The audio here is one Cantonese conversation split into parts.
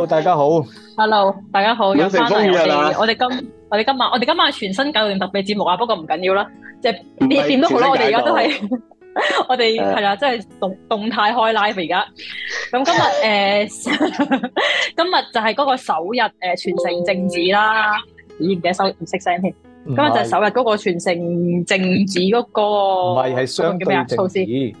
好，大家好。Hello，大家好，又翻嚟啦。我哋今我哋今晚我哋今晚傳新解毒特別節目啊！不過唔緊要啦，即係點都好啦。我哋而家都係、啊、 我哋係啦，即係動動態開 live 而家。咁今日誒、欸，今日就係嗰個首日誒，全城靜止啦。咦、欸，唔記得收唔識聲添。今日就係首日嗰個全城靜止嗰個，唔係係相對靜止。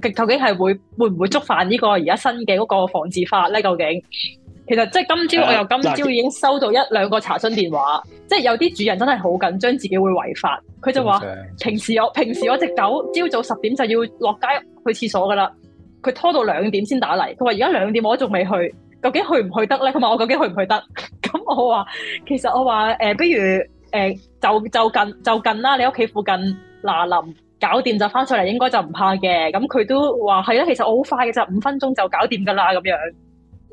究竟係會會唔會觸犯呢個而家新嘅嗰個防治法咧？究竟其實即係今朝，yeah, 我又今朝已經收到一兩個查詢電話，yeah. 即係有啲主人真係好緊張，自己會違法。佢就話、yeah. 平時我平時我隻狗朝早十點就要落街去廁所㗎啦，佢拖到兩點先打嚟。佢話而家兩點我都仲未去，究竟去唔去得咧？佢話我究竟去唔去得？咁、 嗯、我話其實我話誒，不、呃、如誒、呃、就就近就近啦，你屋企附近嗱臨。搞掂就翻上嚟，應該就唔怕嘅。咁佢都話係啦，其實我好快嘅就五分鐘就搞掂噶啦，咁樣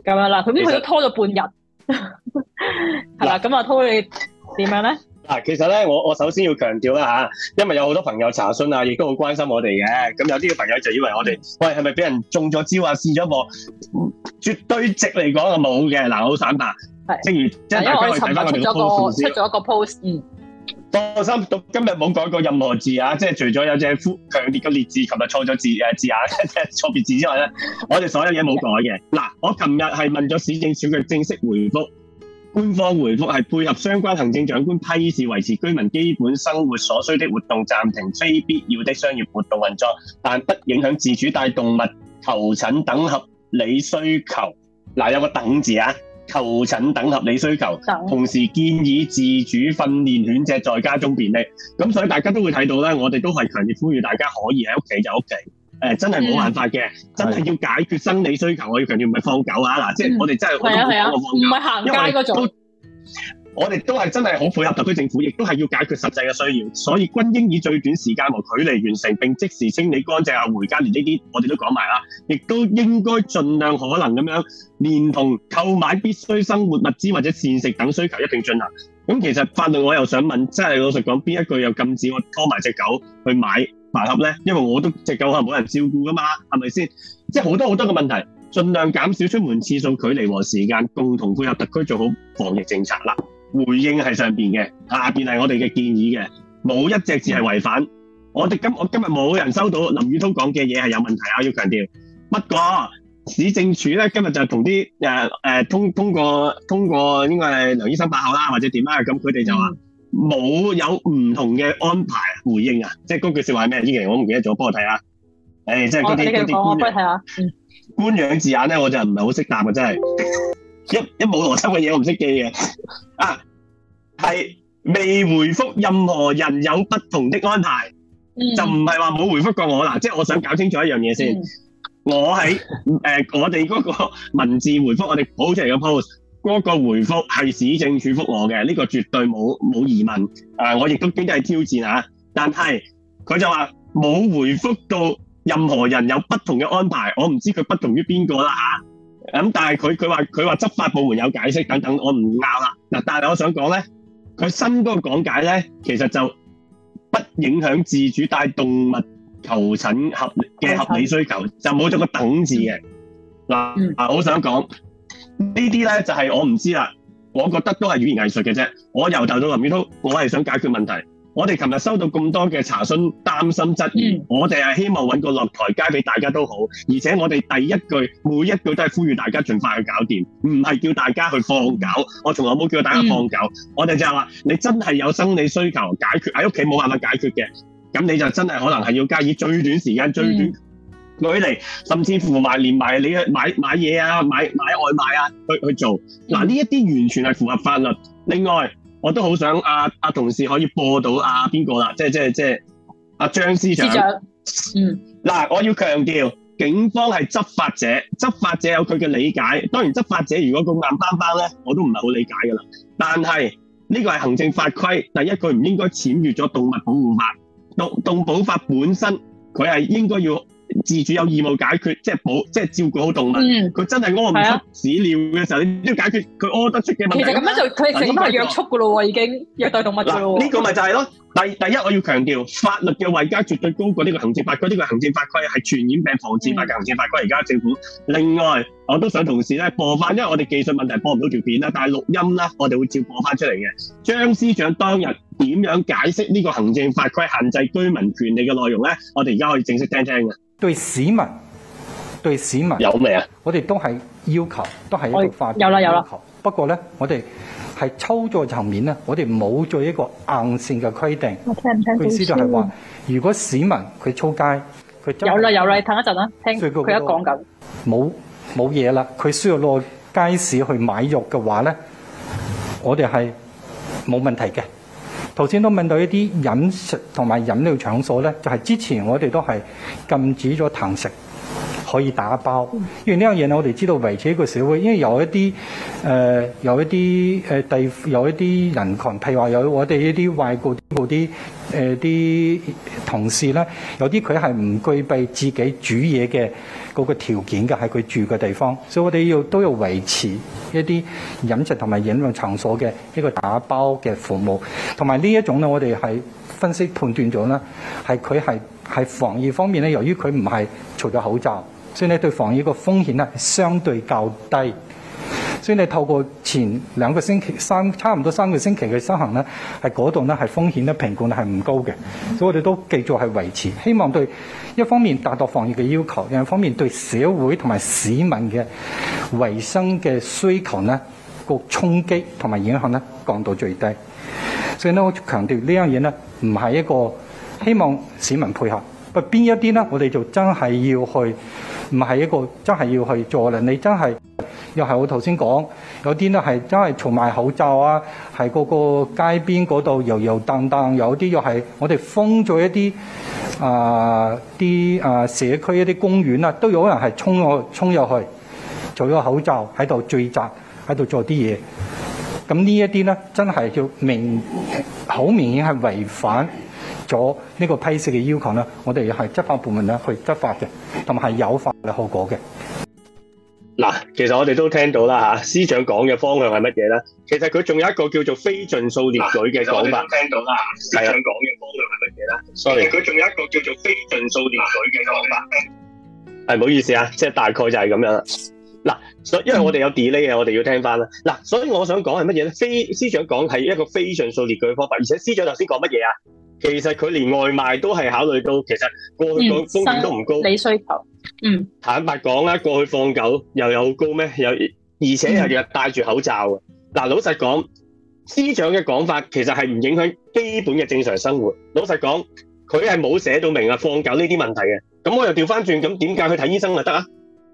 咁樣啦。咁佢都拖咗半日，係啦。咁啊，濤，你點樣咧？嗱，其實咧， 我我首先要強調啦嚇，因為有好多朋友查詢啊，亦都好關心我哋嘅。咁、嗯、有啲嘅朋友就以為我哋喂係咪俾人中咗招啊？試咗個，絕對值嚟講啊冇嘅，嗱好散白。係，正如即係我哋尋日出咗個出咗一個 post，嗯。放心，到今日冇改過任何字啊，即係除咗有隻強烈嘅列字，琴日錯咗字誒字啊，即係錯別字之外咧，我哋所有嘢冇改嘅。嗱，我琴日係問咗市政署嘅正式回覆，官方回覆係配合相關行政長官批示，維持居民基本生活所需的活動，暫停非必要的商業活動運作，但不影響自主帶動物求診等合理需求。嗱，有個等字啊？求診等合理需求，同時建議自主訓練犬隻在家中便利。咁所以大家都會睇到咧，我哋都係強烈呼籲大家可以喺屋企就屋企。誒、欸，真係冇辦法嘅、嗯，真係要解決生理需求，我要強調唔係放狗啊！嗱、嗯，即係我哋真係唔係行街嗰我哋都係真係好配合特區政府，亦都係要解決實際嘅需要，所以均應以最短時間和距離完成並即時清理乾淨啊！回家連呢啲我哋都講埋啦，亦都應該盡量可能咁樣，連同購買必須生活物資或者膳食等需求一併進行。咁其實法到我又想問，即係老實講，邊一句又禁止我拖埋隻狗去買飯盒呢？因為我都隻狗可能冇人照顧㗎嘛，係咪先？即係好多好多嘅問題，盡量減少出門次數、距離和時間，共同配合特區做好防疫政策啦。回應喺上邊嘅，下邊係我哋嘅建議嘅，冇一隻字係違反。我哋今我今日冇人收到林宇滔講嘅嘢係有問題啊！要強調，不過市政署咧，今日就同啲誒誒通通過通過，應該係梁醫生把口啦，或者點啊？咁佢哋就話冇有唔同嘅安排回應啊！即係嗰句說話係咩？依期我唔記得咗，幫我睇下。誒、哎，即係嗰啲嗰啲官養字眼咧，我就唔係好識答嘅，真係。一一冇邏輯嘅嘢，我唔識記嘅啊，係未回覆任何人有不同的安排，就唔係話冇回覆過我啦。即係我想搞清楚一樣嘢先，我喺誒我哋嗰個文字回覆我哋好前嘅 post 嗰個回覆係市政處覆我嘅，呢個絕對冇冇疑問。誒，我亦都幾大挑戰嚇，但係佢就話冇回覆到任何人有不同嘅安排，我唔知佢不同於邊個啦嚇。咁、嗯、但係佢佢話佢話執法部門有解釋等等，我唔拗啦嗱。但係我想講咧，佢新嗰個講解咧，其實就不影響自主帶動物求診合嘅合理需求，就冇咗個等字嘅嗱。嗱、嗯，好、啊、想講呢啲咧，就係、是、我唔知啦。我覺得都係語言藝術嘅啫。我由頭到尾都，我係想解決問題。我哋琴日收到咁多嘅查詢，擔心質疑，嗯、我哋係希望揾個落台階俾大家都好。而且我哋第一句每一句都係呼籲大家盡快去搞掂，唔係叫大家去放狗。我從來冇叫大家放狗。嗯、我哋就係話，你真係有生理需求解決喺屋企冇辦法解決嘅，咁你就真係可能係要加以最短時間、嗯、最短距離，甚至乎埋連埋你買買嘢啊、買買外賣啊去去做。嗱、嗯，呢一啲完全係符合法律。另外。我都好想阿、啊、阿、啊、同事可以播到阿邊個啦，即係即係即係阿、啊、張司長，司長。嗯，嗱，我要強調，警方係執法者，執法者有佢嘅理解。當然，執法者如果咁硬邦邦咧，我都唔係好理解㗎啦。但係呢個係行政法規，第一佢唔應該僭越咗動物保護法。動動保法本身佢係應該要。自主有義務解決，即係保，即係照顧好動物。佢、嗯、真係屙唔出屎尿嘅時候，嗯、你都要解決佢屙得出嘅問題。其實咁樣就佢成日都係約束嘅咯喎，已經虐待、這個、動物呢、這個咪就係、是、咯。第第一，我要強調，法律嘅位階絕對高過呢個行政法規。呢、呢個行政法規係傳染病防治法嘅行政法規。而、嗯、家政府另外，我都想同時咧播翻，因為我哋技術問題播唔到條片啦，但係錄音啦，我哋會照播翻出嚟嘅。張司長當日。點樣解釋呢個行政法規限制居民權利嘅內容咧？我哋而家可以正式聽聽嘅。對市民，對市民有咩啊？我哋都係要求，都係一個法有啦有啦。不過咧，我哋係操作層面咧，我哋冇做一個硬性嘅規定。我聽唔聽清楚？意思就係話，如果市民佢出街，佢有啦有啦，有了你等一陣啦，聽佢一講緊。冇冇嘢啦。佢需要落街市去買肉嘅話咧，我哋係冇問題嘅。頭先都問到一啲飲食同埋飲料場所咧，就係之前我哋都係禁止咗堂食。可以打包，因為呢樣嘢咧，我哋知道維持一個社會，因為有一啲誒、呃、有一啲誒地，有一啲人群譬如話有我哋一啲外國嗰啲誒啲同事咧，有啲佢係唔具備自己煮嘢嘅嗰個條件嘅，係佢住嘅地方，所以我哋要都要維持一啲飲食同埋飲用場所嘅一個打包嘅服務，同埋呢一種咧，我哋係分析判斷咗咧，係佢係喺防疫方面咧，由於佢唔係除咗口罩。所以你對防疫嘅風險係相對較低，所以你透過前兩個星期三差唔多三個星期嘅執行呢，係嗰度咧，係風險嘅評估是係唔高嘅，所以我哋都繼續係維持，希望對一方面達到防疫嘅要求，另一方面對社會同埋市民嘅衞生嘅需求呢個衝擊同埋影響呢，降到最低。所以呢，我強調呢樣嘢咧，唔係一個希望市民配合。邊一啲咧？我哋就真係要去，唔係一個真係要去做咧。你真係又係我頭先講，有啲咧係真係除埋口罩啊，喺個個街邊嗰度遊遊蕩蕩，有啲又係我哋封咗一啲、呃、啊啲啊社區一啲公園啊，都有人係衝我衝入去，做個口罩喺度聚集，喺度做啲嘢。咁呢一啲咧，真係要明好明顯係違反咗呢個批示嘅要求咧，我哋係執法部門咧去執法嘅，同埋係有法律後果嘅。嗱，其實我哋都聽到啦嚇，司長講嘅方向係乜嘢咧？其實佢仲有一個叫做非盡數列舉嘅講法。啊、聽到啦，司長講嘅方向係乜嘢咧？sorry，佢仲有一個叫做非盡數列舉嘅講法。係、啊、唔、啊、好意思啊，即係大概就係咁樣啦。嗱，所因為我哋有 delay 啊，我哋要聽翻啦。嗱，所以我想講係乜嘢咧？非司長講係一個非盡數列舉嘅方法，而且司長頭先講乜嘢啊？其實佢連外賣都係考慮到，其實過去個風險都唔高、嗯。你需求，嗯。坦白講啦，過去放狗又有好高咩？又而且又日戴住口罩啊！嗱、嗯，老實講，司長嘅講法其實係唔影響基本嘅正常生活。老實講，佢係冇寫到明啊，放狗呢啲問題嘅。咁我又調翻轉，咁點解去睇醫生就得啊？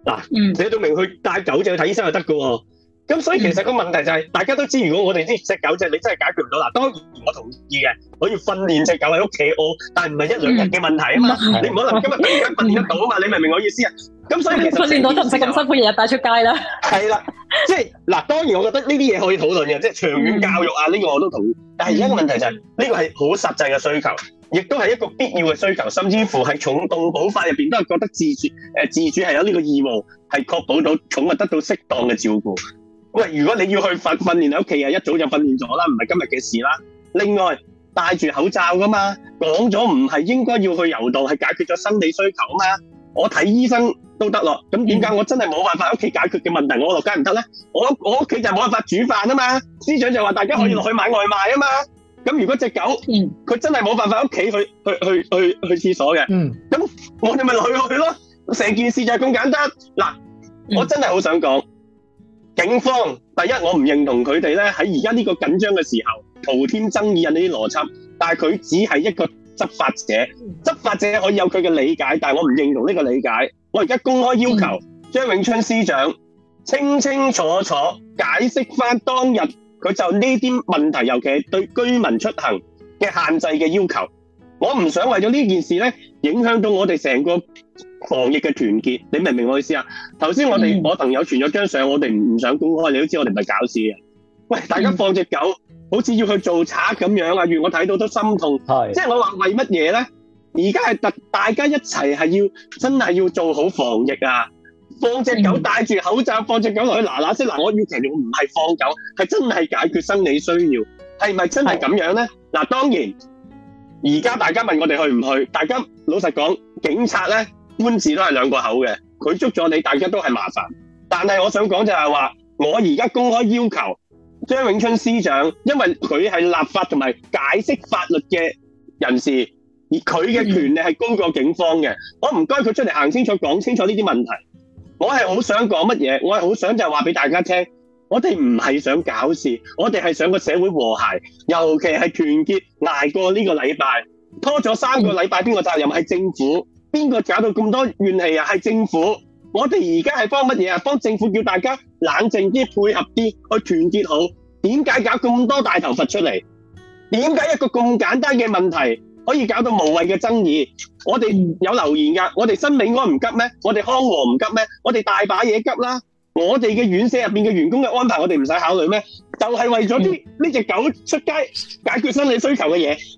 嗱、嗯，寫到明去帶狗仔去睇醫生就得㗎喎。咁所以其實個問題就係、是，大家都知，如果我哋啲隻狗仔你真係解決唔到嗱。當然我同意嘅，可以訓練隻狗喺屋企屙，但係唔係一兩日嘅問題啊嘛。嗯、你唔可能今日突然間訓練得到啊嘛、嗯。你明唔明我意思啊？咁所以其實的訓練到就唔使咁辛苦，日日帶出街啦。係 啦，即係嗱。當然我覺得呢啲嘢可以討論嘅，即係長遠教育啊，呢、嗯呢個我都同意。但係而家問題就係呢個係好實際嘅需求，亦都係一個必要嘅需求，甚至乎喺動保法入邊都係覺得自主誒、呃，自主係有呢個義務，係確保到寵物得到適當嘅照顧。喂，如果你要去訓訓練喺屋企啊，一早就訓練咗啦，唔係今日嘅事啦。另外戴住口罩噶嘛，講咗唔係應該要去遊蕩，係解決咗生理需求啊嘛。我睇醫生都得咯，咁點解我真係冇辦法喺屋企解決嘅問題，我落街唔得咧？我我屋企就冇辦法煮飯啊嘛。司長就話大家可以落去買外賣啊嘛。咁如果隻狗佢、嗯、真係冇辦法喺屋企去去去去去廁所嘅，咁、嗯、我哋咪落去咯。成件事就係咁簡單嗱，我真係好想講。嗯警方第一，我唔認同佢哋咧，喺而家呢個緊張嘅時候，圖添爭議人呢啲邏輯。但係佢只係一個執法者，執法者可以有佢嘅理解，但係我唔認同呢個理解。我而家公開要求張永春司長清清楚楚解釋翻，當日佢就呢啲問題，尤其係對居民出行嘅限制嘅要求。我唔想為咗呢件事呢影響到我哋成個。防疫嘅團結，你明唔明我意思啊？頭先我哋我朋友傳咗張相，我哋唔唔想公開，你都知我哋唔係搞事嘅。喂，大家放隻狗，好似要去做賊咁樣啊！越我睇到都心痛，係即係我話為乜嘢咧？而家係特大家一齊係要真係要做好防疫啊！放隻狗戴住口罩，放隻狗落去嗱嗱聲嗱，我以前我唔係放狗，係真係解決生理需要，係咪真係咁樣咧？嗱，當然而家大家問我哋去唔去？大家老實講，警察咧。官字都係兩個口嘅，佢捉咗你，大家都係麻煩。但係我想講就係話，我而家公開要求張永春司長，因為佢係立法同埋解釋法律嘅人士，而佢嘅權力係高過警方嘅。我唔該佢出嚟行清楚、講清楚呢啲問題。我係好想講乜嘢，我係好想就係話俾大家聽，我哋唔係想搞事，我哋係想個社會和諧，尤其係團結捱過呢個禮拜，拖咗三個禮拜，邊個責任係政府？邊個搞到咁多怨氣啊？係政府，我哋而家係幫乜嘢啊？幫政府叫大家冷靜啲，配合啲，去團結好。點解搞咁多大頭佛出嚟？點解一個咁簡單嘅問題可以搞到無謂嘅爭議？我哋有留言噶，我哋生命安唔急咩？我哋康和唔急咩？我哋大把嘢急啦。我哋嘅院舍入面嘅員工嘅安排，我哋唔使考慮咩？就係、是、為咗啲呢隻狗出街解決生理需求嘅嘢。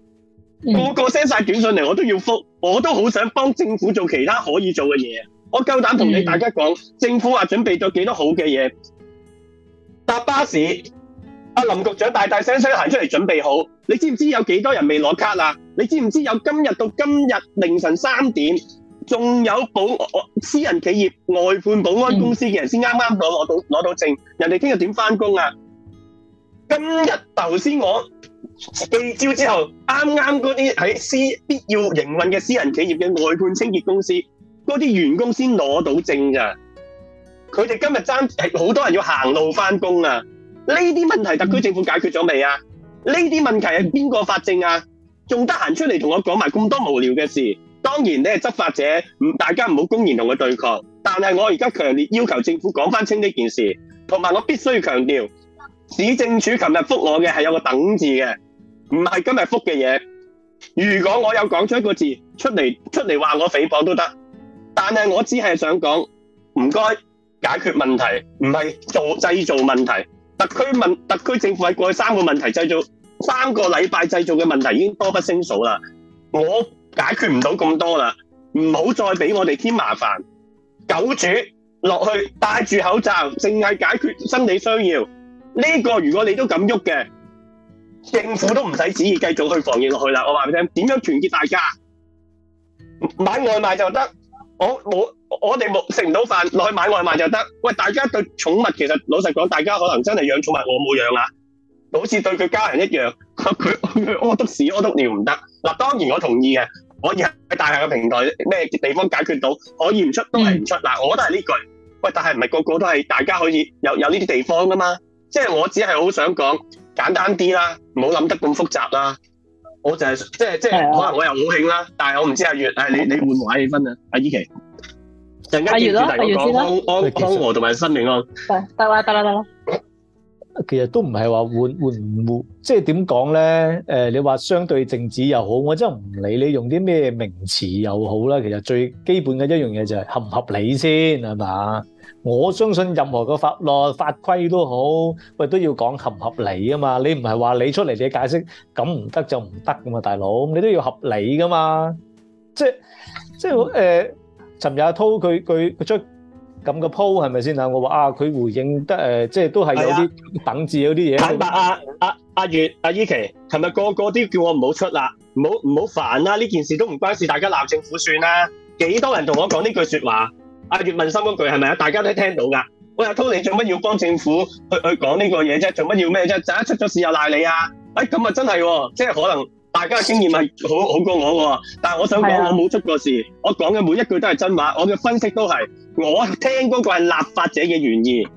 嗯、個個 send 晒短信嚟，我都要複，我都好想幫政府做其他可以做嘅嘢。我夠膽同你大家講、嗯，政府話準備咗幾多好嘅嘢，搭巴士。阿林局長大大聲聲行出嚟準備好。你知唔知有幾多人未攞卡啊？你知唔知有今日到今日凌晨三點，仲有保私人企業外判保安公司嘅人先啱啱攞攞到攞到證，人哋聽日點翻工啊？今日頭先我。幾招之後，啱啱嗰啲喺私必要營運嘅私人企業嘅外判清潔公司，嗰啲員工先攞到證噶。佢哋今日爭係好多人要行路翻工啊！呢啲問題特區政府解決咗未啊？呢啲問題係邊個發證啊？仲得閒出嚟同我講埋咁多無聊嘅事？當然你係執法者，唔大家唔好公然同佢對抗。但係我而家強烈要求政府講翻清呢件事，同埋我必須強調，市政署琴日覆我嘅係有個等字嘅。唔係今日覆嘅嘢。如果我有講出一個字出嚟，出嚟話我誹謗都得。但係我只係想講，唔該解決問題，唔係做製造問題。特區問特區政府係過去三個問題製造三個禮拜製造嘅問題已經多不勝數啦。我解決唔到咁多啦，唔好再俾我哋添麻煩。狗主落去戴住口罩，淨係解決生理需要。呢個如果你都敢喐嘅。政府都唔使旨意，繼續去防疫落去啦。我話俾你聽，點樣團結大家買外賣就得。我冇我哋冇食唔到飯，落去買外賣就得。喂，大家對寵物其實老實講，大家可能真係養寵物，我冇養啊。好似對佢家人一樣，佢屙督屎屙督尿唔得。嗱、啊，當然我同意嘅，可以喺大廈嘅平台咩地方解決到，可以唔出都係唔出。嗱，我都係呢句。喂，但係唔係個個都係大家可以有有呢啲地方噶嘛？即係我只係好想講。簡單啲啦，唔好諗得咁複雜啦。我就係、係、即係即係，可能我又好興啦。但係我唔知阿月，誒你你換唔換氣分會啊？阿依琪，大家完先，大家完先啦。安同埋新年安。得啦得啦得啦。其實都唔係話換唔換，換，換，換，換，換，即係點講咧？誒、呃，你話相對靜止又好，我真係唔理你用啲咩名詞又好啦。其實最基本嘅一樣嘢就係合唔合理先係嘛？我相信任何嘅法律法規都好，喂都要講合唔合理啊嘛！你唔係話你出嚟你解釋，咁唔得就唔得噶嘛，大佬，你都要合理噶嘛！即即係誒，尋、呃、日阿滔佢佢佢出咁嘅 po 係咪先啊？我話啊，佢回應得誒、呃，即係都係有啲等字嗰啲嘢。坦白阿阿月阿依琪，琴、啊、日個個都叫我唔好出啦，唔好唔好煩啦，呢件事都唔關事，大家鬧政府算啦，幾多人同我講呢句説話？阿葉問心嗰句係咪啊？大家都聽到㗎。喂阿濤，Toli，你做乜要幫政府去去講呢個嘢啫？做乜要咩啫？就一出咗事又賴你啊！哎咁啊，真係喎，即係可能大家嘅經驗係好好過我喎、啊。但係我想講，我冇出過事，的我講嘅每一句都係真話，我嘅分析都係我聽嗰個係立法者嘅原意，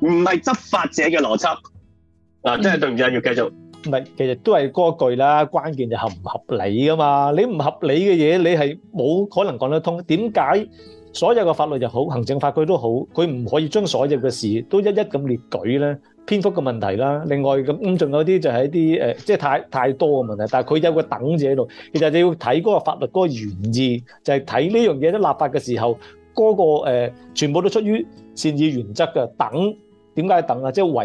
唔係執法者嘅邏輯嗱、啊。真係對唔住，要繼續唔係、嗯，其實都係嗰句啦。關鍵就合唔合理㗎嘛？你唔合理嘅嘢，你係冇可能講得通。點解？所有嘅法律又好，行政法規都好，佢唔可以將所有嘅事都一一咁列舉咧，篇幅嘅問題啦。另外咁，咁、嗯、仲有啲就係一啲誒，即、呃、係、係、太太多嘅問題。但係佢有個等字喺度，其實你要睇嗰個法律嗰、嗰個原意，就係睇呢樣嘢喺立法嘅時候嗰、嗰個、呃、全部都出於善意原則嘅等。點解等啊？即係維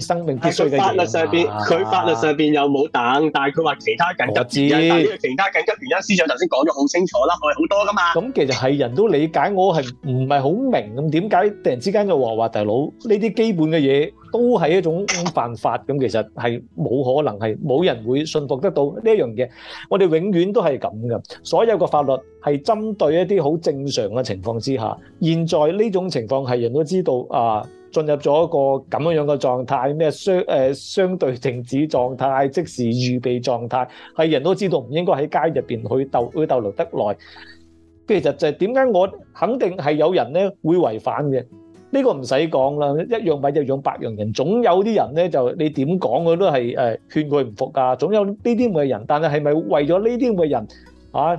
持生命必須嘅、啊、法律上邊，佢法律上邊有冇等？但係佢話其他緊急字。其他緊急原因，司長頭先講咗好清楚啦，係好多㗎嘛。咁其實係人都理解，我是不是很明，我係唔係好明，咁點解突然之間就話話大佬，呢啲基本嘅嘢都係一種犯法咁？其實係冇可能係冇人會信服得到呢一樣嘢。我哋永遠都係咁嘅，所有個法律係針對一啲好正常嘅情況之下。現在呢種情況係人都知道啊。進入咗一個咁樣樣嘅狀態，咩相誒相對靜止狀態，即時預備狀態，係人都知道唔應該喺街入邊去逗去逗留得耐。其實就係點解我肯定係有人咧會違反嘅？呢個唔使講啦，一樣米就養百樣人，總有啲人咧就你點講佢都係誒勸佢唔服噶，總有呢啲咁嘅人。但係係咪為咗呢啲咁嘅人啊？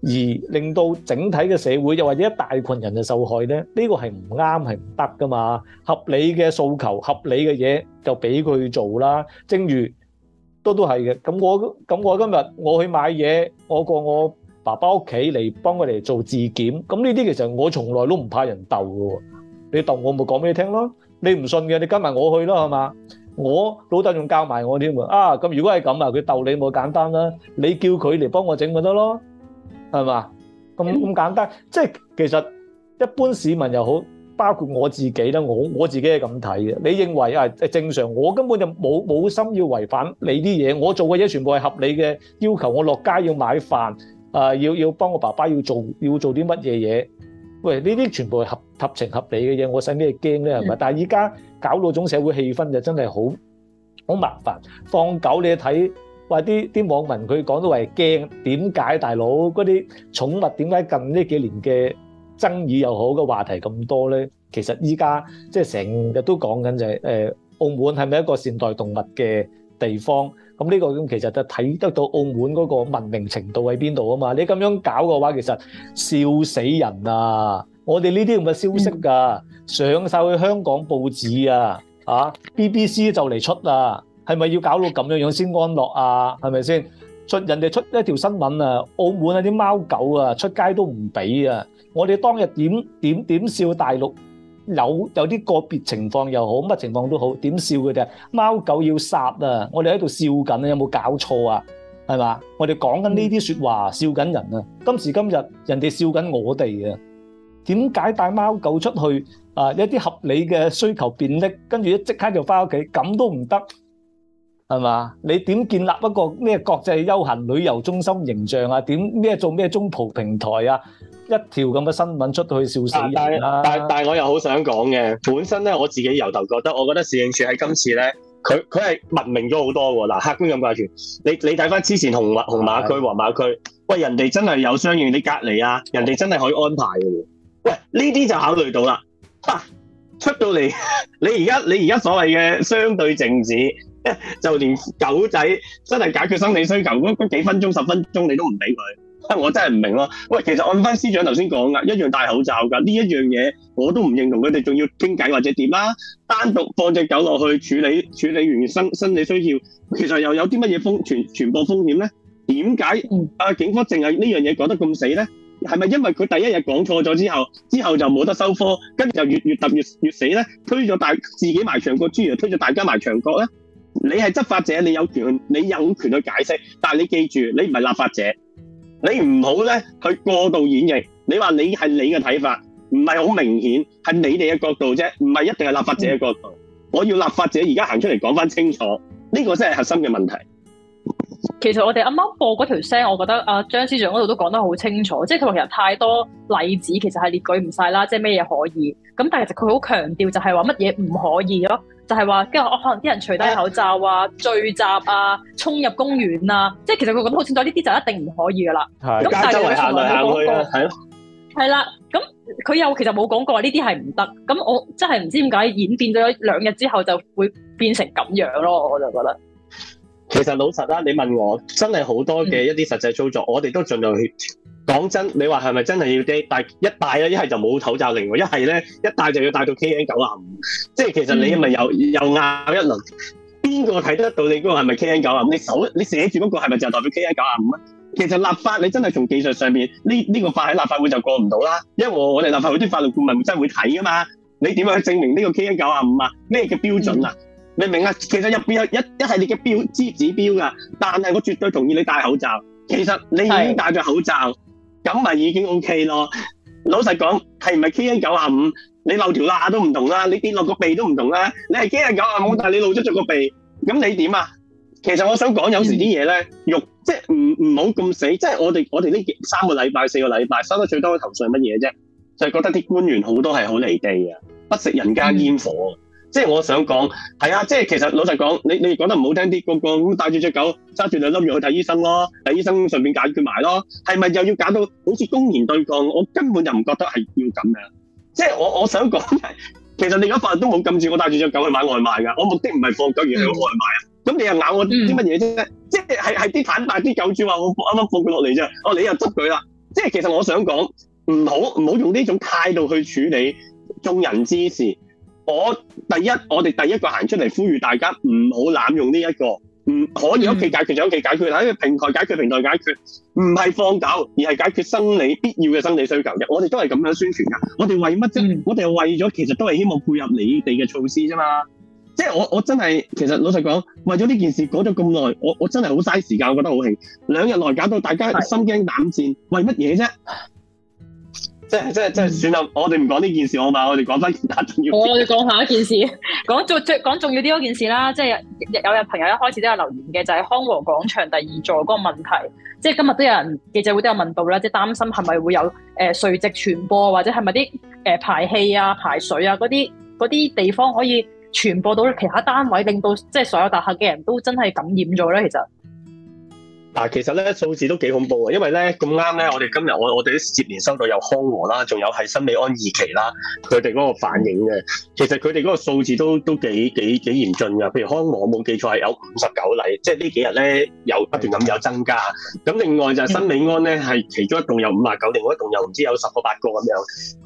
而令到整體嘅社會又或者一大羣人嘅受害咧，呢個係唔啱係唔得噶嘛。合理嘅訴求，合理嘅嘢就俾佢做啦。正如都都係嘅咁，我咁我今日我去買嘢，我過我爸爸屋企嚟幫佢嚟做自檢。咁呢啲其實我從來都唔怕人鬥嘅喎。你鬥我咪講俾你聽咯。你唔信嘅，你跟埋我去啦，係嘛？我老豆仲教埋我添喎。啊咁，如果係咁啊，佢鬥你冇簡單啦。你叫佢嚟幫我整咪得咯。係嘛？咁咁簡單，即係其實一般市民又好，包括我自己啦。我我自己係咁睇嘅。你認為啊，係正常，我根本就冇冇心要違反你啲嘢。我做嘅嘢全部係合理嘅要求。我落街要買飯啊、呃，要要幫我爸爸要做要做啲乜嘢嘢？喂，呢啲全部係合合情合理嘅嘢。我使咩驚咧？係咪？嗯、但係依家搞到種社會氣氛就真係好好麻煩。放狗你一睇。話啲啲網民佢講到話驚，點解大佬嗰啲寵物點解近呢幾年嘅爭議又好嘅話題咁多咧？其實依家即係成日都講緊就係誒澳門係咪一個善待動物嘅地方？咁呢個咁其實就睇得到澳門嗰個文明程度喺邊度啊嘛！你咁樣搞嘅話，其實笑死人啊！我哋呢啲咁嘅消息啊，上曬去香港報紙啊，啊 BBC 就嚟出啦！係咪要搞到咁樣樣先安樂啊？係咪先出人哋出一條新聞啊？澳門啊啲貓狗啊出街都唔俾啊！我哋當日點點點笑大陸有有啲個別情況又好，乜情況都好點笑佢哋啫？貓狗要殺啊！我哋喺度笑緊啊，有冇搞錯啊？係嘛？我哋講緊呢啲説話笑緊人啊！今時今日人哋笑緊我哋啊！點解帶貓狗出去啊？一啲合理嘅需求便溺，跟住一即刻就翻屋企，咁都唔得。係嘛？你點建立一個咩國際休閒旅遊中心形象啊？點咩做咩中葡平台啊？一條咁嘅新聞出到去笑死、啊啊、但係但係我又好想講嘅，本身咧我自己由頭覺得，我覺得市政署喺今次咧，佢佢係文明咗好多喎。嗱、啊，客觀咁解説，你你睇翻之前紅碼紅碼區、黃碼區，喂，人哋真係有相應啲隔離啊，人哋真係可以安排嘅。喂，呢啲就考慮到啦、啊。出到嚟你而家你而家所謂嘅相對靜止。就連狗仔真係解決生理需求，嗰幾幾分鐘、十分鐘你都唔俾佢，我真係唔明咯。喂，其實按翻司長頭先講噶，一樣戴口罩噶呢一樣嘢，我都唔認同佢哋仲要傾偈或者點啦、啊、單獨放隻狗落去處理，處理完生生理需要，其實又有啲乜嘢風傳傳播風險咧？點解啊？警方淨係呢樣嘢講得咁死咧？係咪因為佢第一日講錯咗之後，之後就冇得收科，跟住就越越揼越越,越死咧？推咗大自己埋牆角豬，又推咗大家埋牆角咧？你係執法者，你有權，你有權去解釋，但你記住，你唔係立法者，你唔好去過度演繹。你話你係你嘅睇法，唔係好明顯係你哋嘅角度啫，唔係一定係立法者嘅角度。我要立法者而家行出嚟講返清楚，呢、這個先係核心嘅問題。其實我哋啱啱播嗰條聲，我覺得阿張司長嗰度都講得好清楚，即係佢話其實太多例子，其實係列舉唔晒啦，即係咩嘢可以，咁但係其實佢好強調就係話乜嘢唔可以咯，就係話，跟住我可能啲人除低口罩啊、聚集啊、衝入公園啊，即係其實佢講得好清楚，呢啲就一定唔可以噶啦。咁但係行嚟行去啊，係啦，咁佢又其實冇講過呢啲係唔得，咁我真係唔知點解演變咗兩日之後就會變成咁樣咯，我就覺得。其實老實啦，你問我真係好多嘅一啲實際操作，嗯、我哋都盡量去講真。你話係咪真係要啲？但一戴咧，一係就冇口罩令喎，一係咧一戴就要戴到 KN 九、嗯、五。即係其實你咪又又拗一輪，邊個睇得到你嗰個係咪 KN 九五？你手你寫住嗰個係咪就代表 KN 九五啊？其實立法你真係從技術上面，呢呢、呢個法喺立法會就過唔到啦，因為我哋立法會啲法律顧問真係會睇噶嘛。你點樣去證明呢個 KN 九五啊？咩叫標準啊？嗯你明啊？其實入邊有一一系列嘅標指標噶，但係我絕對同意你戴口罩。其實你已經戴咗口罩，咁咪已經 O K 咯。老實講，係唔係 KN 九廿五？你漏條罅都唔同啦，你跌落個鼻都唔同啦。你係 KN 九廿五，但係你漏咗著個鼻，咁你點啊？其實我想講，有時啲嘢咧，肉即係唔唔好咁死。即係我哋我哋呢三個禮拜、四個禮拜收得最多嘅頭緒係乜嘢啫？就係覺得啲官員好多係好離地啊，不食人間煙火。嗯即係我想講，係啊，即係其實老實講，你你講得唔好聽啲，個個咁帶住隻狗揸住兩粒藥去睇醫生咯，睇醫生順便解決埋咯，係咪又要搞到好似公然對抗？我根本就唔覺得係要咁樣。即係我我想講嘅，其實你而家法都冇禁住我帶住隻狗去買外賣噶，我目的唔係放狗而係外賣啊。咁、嗯、你又咬我啲乜嘢啫？即係係係啲坦白啲狗主話我啱啱放佢落嚟啫，哦你又捉佢啦。即係其實我想講，唔好唔好用呢種態度去處理眾人之事。我第一，我哋第一個行出嚟呼籲大家唔好濫用呢、這、一個，唔可以屋企解決就屋企解決，喺平台解決，平台解決，唔係放狗，而係解決生理必要嘅生理需求嘅。我哋都係咁樣宣傳噶。我哋為乜啫、嗯？我哋為咗其實都係希望配合你哋嘅措施啫嘛。即係我我真係其實老實講，為咗呢件事講咗咁耐，我我真係好嘥時間，我覺得好興。兩日內搞到大家心驚膽戰，為乜嘢啫？即係即係即係算啦，嗯、我哋唔講呢件事，好嘛？我哋講翻其他重要。我我哋講下一件事，講最最講重要啲嗰件事啦。即係有有朋友一開始都有留言嘅，就係、是、康和廣場第二座嗰個問題。即係今日都有人記者會都有問到啦，即係擔心係咪會有誒、呃、垂直傳播，或者係咪啲誒排氣啊、排水啊嗰啲啲地方可以傳播到其他單位，令到即係所有大廈嘅人都真係感染咗咧。其實。嗱、啊，其實咧數字都幾恐怖啊！因為咧咁啱咧，我哋今日我我哋啲接連收到有康和啦，仲有係新美安二期啦，佢哋嗰個反應嘅，其實佢哋嗰個數字都都幾幾幾嚴峻㗎。譬如康和，我冇記錯係有五十九例，即係呢幾日咧又不斷咁有增加。咁另外就係新美安咧，係其中一棟有五十九例，另外一棟又唔知有十個八個咁樣。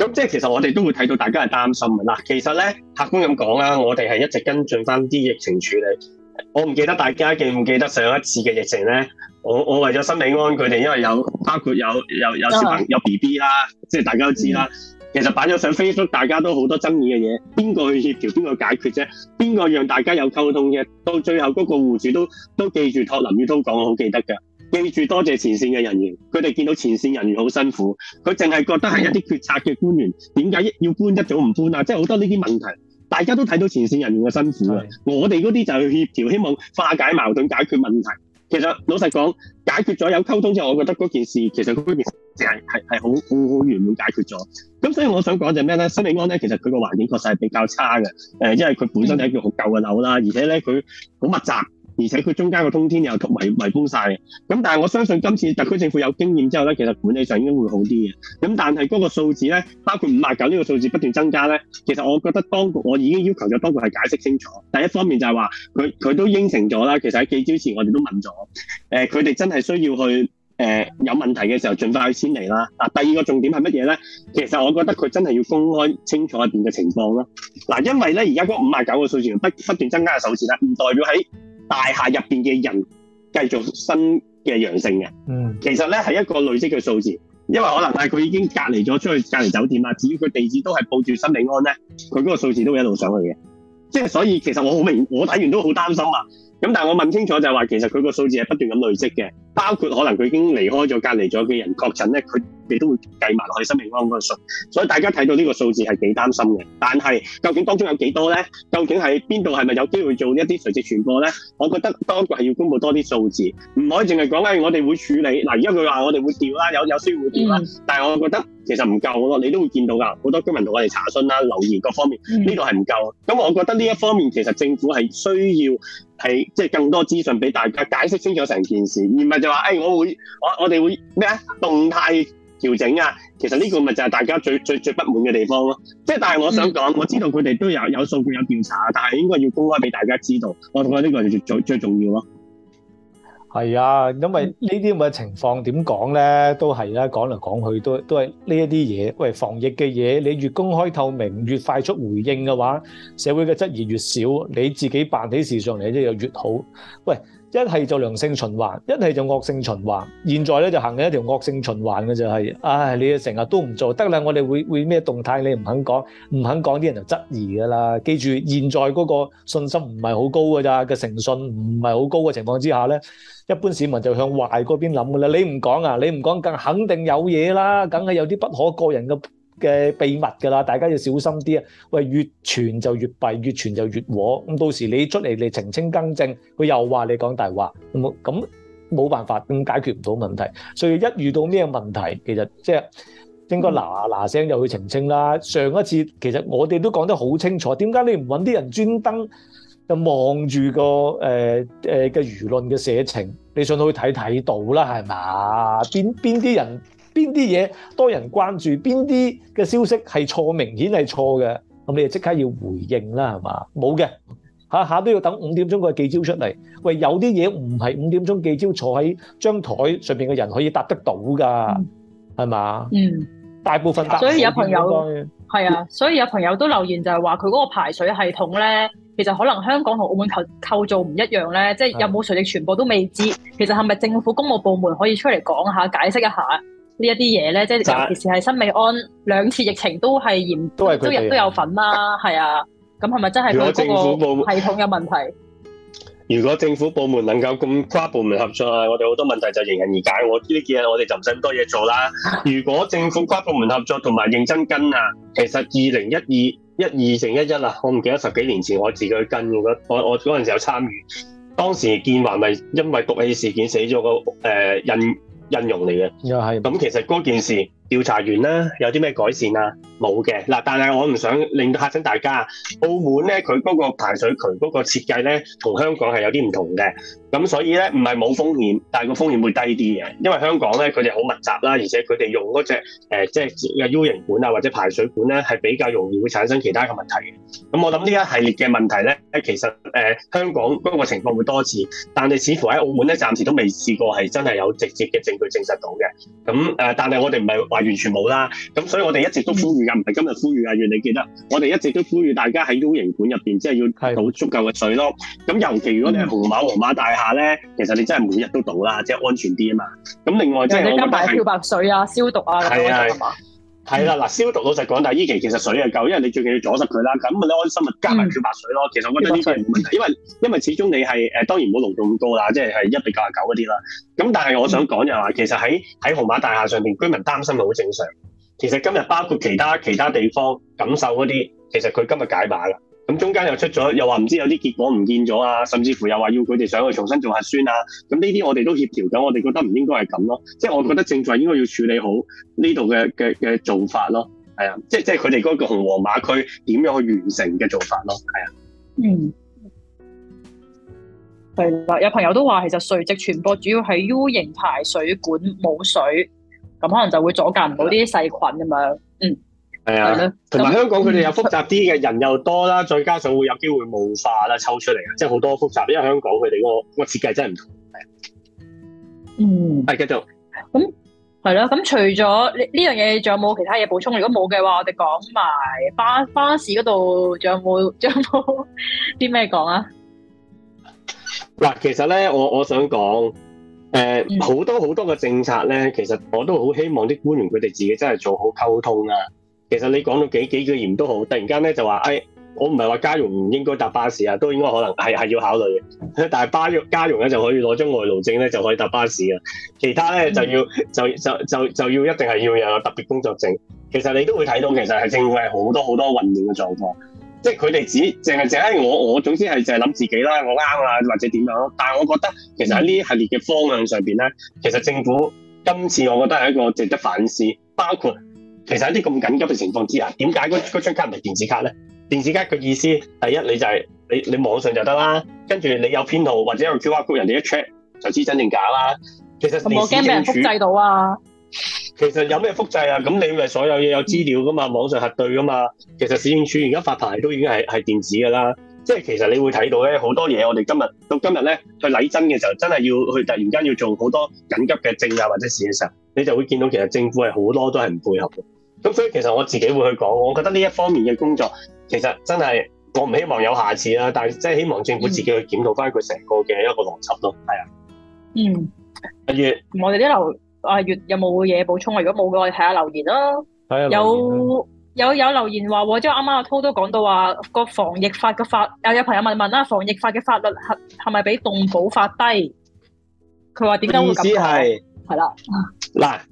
咁即係其實我哋都會睇到大家係擔心。嗱，其實咧，客觀咁講啦，我哋係一直跟進翻啲疫情處理。我唔記得大家記唔記得上一次嘅疫情咧？我我為咗心理安佢哋，因為有包括有有有，有小朋友有 B B 啦，即係大家都知啦，嗯。其實擺咗上 Facebook，大家都好多爭議嘅嘢，邊個去協調，邊個解決啫？邊個讓大家有溝通嘅？到最後嗰個戶主都都記住託林宇滔講，我好記得嘅，記住多謝前線嘅人員，佢哋見到前線人員好辛苦，佢淨係覺得係一啲決策嘅官員，點解要搬一早唔搬啊？即係好多呢啲問題。大家都睇到前線人員嘅辛苦啊！我哋嗰啲就去協調，希望化解矛盾、解決問題。其實老實講，解決咗有溝通之後，我覺得嗰件事其實佢邊淨係係係好好好圓滿解決咗。咁所以我想講就係咩咧？新美安咧，其實佢個環境確實係比較差嘅。誒、呃，因為佢本身係一棟好舊嘅樓啦，而且咧佢好密集。而且佢中間個通天又圍圍封曬，咁但係我相信今次特區政府有經驗之後咧，其實管理上應該會好啲嘅。咁但係嗰個數字咧，包括五廿九呢個數字不斷增加咧，其實我覺得當局我已經要求咗當局係解釋清楚。第一方面就係話佢佢都應承咗啦，其實喺幾朝前我哋都問咗，誒佢哋真係需要去誒、呃、有問題嘅時候盡快去遷嚟啦。嗱、啊，第二個重點係乜嘢咧？其實我覺得佢真係要公開清楚入邊嘅情況咯。嗱、啊，因為咧而家嗰五廿九個數字不不斷增加嘅數字啦，唔代表喺大廈入邊嘅人繼續新嘅陽性嘅，其實咧係一個累積嘅數字，因為可能係佢已經隔離咗出去隔離酒店啦，至於佢地址都係報住新美安咧，佢嗰個數字都會一路上去嘅，即係所以其實我好明，我睇完都好擔心啊。咁但係我問清楚就係話，其實佢個數字係不斷咁累積嘅，包括可能佢已經離開咗隔離咗嘅人確診咧，佢。你都會計埋落去生命安嗰個數，所以大家睇到呢個數字係幾擔心嘅。但係究竟當中有幾多咧？究竟喺邊度係咪有機會做一啲垂直傳播咧？我覺得當局係要公布多啲數字，唔可以淨係講誒，我哋會處理嗱。而家佢話我哋會調啦，有有需要會調啦、嗯。但係我覺得其實唔夠咯。你都會見到㗎，好多居民同我哋查詢啦、留言各方面，呢個係唔夠。咁我覺得呢一方面其實政府係需要係即係更多資訊俾大家解釋清楚成件事，而唔係就話誒、哎、我會我我哋會咩啊動態。調整啊，其實呢個咪就係大家最最最不滿嘅地方咯、啊。即係但係我想講，我知道佢哋都有有數據有調查，但係應該要公開俾大家知道。我覺得呢個係最最重要咯、啊。係啊，因為呢啲咁嘅情況點講咧，都係啦，講嚟講去都都係呢一啲嘢。喂，防疫嘅嘢，你越公開透明，越快速回應嘅話，社會嘅質疑越少，你自己辦起事上嚟即又越好。喂。一係就良性循環，一係就惡性循環。現在咧就行緊一條惡性循環嘅就係、是，唉，你成日都唔做得啦。我哋會會咩動態你唔肯講，唔肯講啲人就質疑噶啦。記住，現在嗰個信心唔係好高㗎咋，個誠信唔係好高嘅情況之下咧，一般市民就向壞嗰邊諗㗎啦。你唔講啊，你唔講，梗肯定有嘢啦，梗係有啲不可告人嘅。嘅秘密㗎啦，大家要小心啲啊！喂，越傳就越弊，越傳就越和。咁到時你出嚟你澄清更正，佢又話你講大話，咁冇辦法，咁解決唔到問題。所以一遇到咩問題，其實即係應該嗱嗱聲又去澄清啦。嗯。上一次其實我哋都講得好清楚，點解你唔揾啲人專登就望住個誒誒嘅輿論嘅社情，你上去睇睇到啦，係嘛？邊邊啲人？邊啲嘢多人關注，邊啲嘅消息係錯，明顯係錯嘅，咁你就即刻要回應啦，係嘛？冇嘅，下下都要等五點鐘個記招出嚟。喂，有啲嘢唔係五點鐘記招坐喺張台上邊嘅人可以答得到㗎，嗯，係嘛？嗯，大部分答唔到。所以有朋友係啊，所以有朋友都留言就係話佢嗰個排水系統咧，其實可能香港同澳門構構造唔一樣咧，即係有冇隨地全部都未知。係，其實係咪政府公務部門可以出嚟講下解釋一下？呢一啲嘢咧，即係尤其是係新美安兩次疫情都係嚴，都人都有份啦，係啊。咁係咪真係佢嗰個系統有問題？如果政府部門能夠咁跨部門合作啊，我哋好多問題就迎刃而解。我呢幾日我哋就唔使咁多嘢做啦。如果政府跨部門合作同埋認真跟啊，其實二零一二一二定一一啊，我唔記得十幾年前我自己去跟嘅，我我嗰陣時候有參與，當時建華係因為毒氣事件死咗個誒人。引用嚟嘅，又係咁，其實嗰件事。調查完啦，有啲咩改善啊？冇嘅嗱，但係我唔想令到嚇親大家。澳門咧，佢嗰個排水渠嗰個設計咧，同香港係有啲唔同嘅，咁所以咧，唔係冇風險，但係個風險會低啲嘅，因為香港咧，佢哋好密集啦，而且佢哋用嗰隻誒即係 U 型管啊或者排水管咧係比較容易會產生其他嘅問題嘅。咁我諗呢一系列嘅問題咧，其實誒、呃、香港嗰個情況會多次。但係似乎喺澳門咧暫時都未試過係真係有直接嘅證據證實到嘅。咁誒、呃，但係我哋唔係完全冇啦，咁所以我哋一直都呼籲啊，唔係今日呼籲啊，月你記得，我哋一直都呼籲大家喺 U 型管入邊，即係要倒足夠嘅水咯。咁尤其如果你係紅馬黃馬大廈咧，其實你真係每日都倒啦，即係安全啲啊嘛。咁另外即係你今日漂白水啊，消毒啊，係啊係、嗯、啦，嗱，消毒老實講，但係依期其實水啊夠，因為你最緊要阻塞佢啦。咁你啲安心咪加埋漂白水咯，嗯。其實我覺得呢啲都係冇問題，因為因為始終你係誒、呃，當然唔好濃度咁高啦，即係係一比九啊九嗰啲啦。咁但係我想講就話，其實喺喺紅碼大廈上邊，居民擔心係好正常。其實今日包括其他其他地方感受嗰啲，其實佢今日解碼噶。咁中間又出咗，又話唔知有啲結果唔見咗啊！甚至乎又話要佢哋上去重新做核酸啊！咁呢啲我哋都協調緊，我哋覺得唔應該係咁咯。即係我覺得政府應該要處理好呢度嘅嘅嘅做法咯。係啊，即係即係佢哋嗰個紅黃碼區點樣去完成嘅做法咯。係啊，嗯，係啦。有朋友都話其實垂直傳播主要係 U 型排水管冇水，咁可能就會阻隔唔到啲細菌咁樣。係啊，同埋、啊、香港佢哋有複雜啲嘅、嗯、人又多啦，再加上會有機會霧化啦，抽出嚟啊，即係好多複雜。因為香港佢哋個個設計真係唔同，係嗯，係、啊、繼續咁係咯。咁、嗯啊嗯、除咗呢呢樣嘢，仲有冇其他嘢補充？如果冇嘅話，我哋講埋巴巴士嗰度，仲有冇仲有冇啲咩講啊？嗱，其實咧，我我想講，誒、呃、好、嗯、多好多嘅政策咧，其實我都好希望啲官員佢哋自己真係做好溝通啊。其實你講到幾幾句言都好，突然間咧就話，誒，我唔係話家傭唔應該搭巴士啊，都應該可能係係要考慮嘅。但係巴家傭咧就可以攞張外勞證咧就可以搭巴士啊，其他咧就要就就就就要一定係要有特別工作證。其實你都會睇到，其實係政府係好多好多混亂嘅狀況，即係佢哋只淨係淨係我我總之係淨係諗自己啦，我啱啊或者點樣咯。但係我覺得其實喺呢系列嘅方向上邊咧，其實政府今次我覺得係一個值得反思，包括。其實喺啲咁緊急嘅情況之下，點解嗰張卡唔係電子卡咧？電子卡嘅意思，第一你就係、是、你你網上就得啦，跟住你有編號或者用 QR code 人哋一 check 就知真定假啦。其實你我驚俾人複製到啊。其實有咩複製啊？咁你咪所有嘢有資料㗎嘛，網上核對㗎嘛。其實市政處而家發牌都已經係係電子㗎啦。即係其實你會睇到咧，好多嘢我哋今日到今日咧去禮真嘅時候，真係要去突然間要做好多緊急嘅證啊或者事嘅時候。你就會見到其實政府係好多都係唔配合嘅。咁所以其實我自己會去講，我覺得呢一方面嘅工作其實真係我唔希望有下次啦，但係即係希望政府自己去檢討翻佢成個嘅一個邏輯咯，係啊，嗯，阿、嗯啊、月，我哋啲留阿月有冇嘢補充啊？如果冇嘅，我哋睇下留言啦，哎。有、啊、有有留言話即係啱啱阿濤都講到話個防疫法嘅法，有有朋友問問啦，防疫法嘅法律係係咪比動保法低？佢話點解會咁講？係啦，嗱、嗯，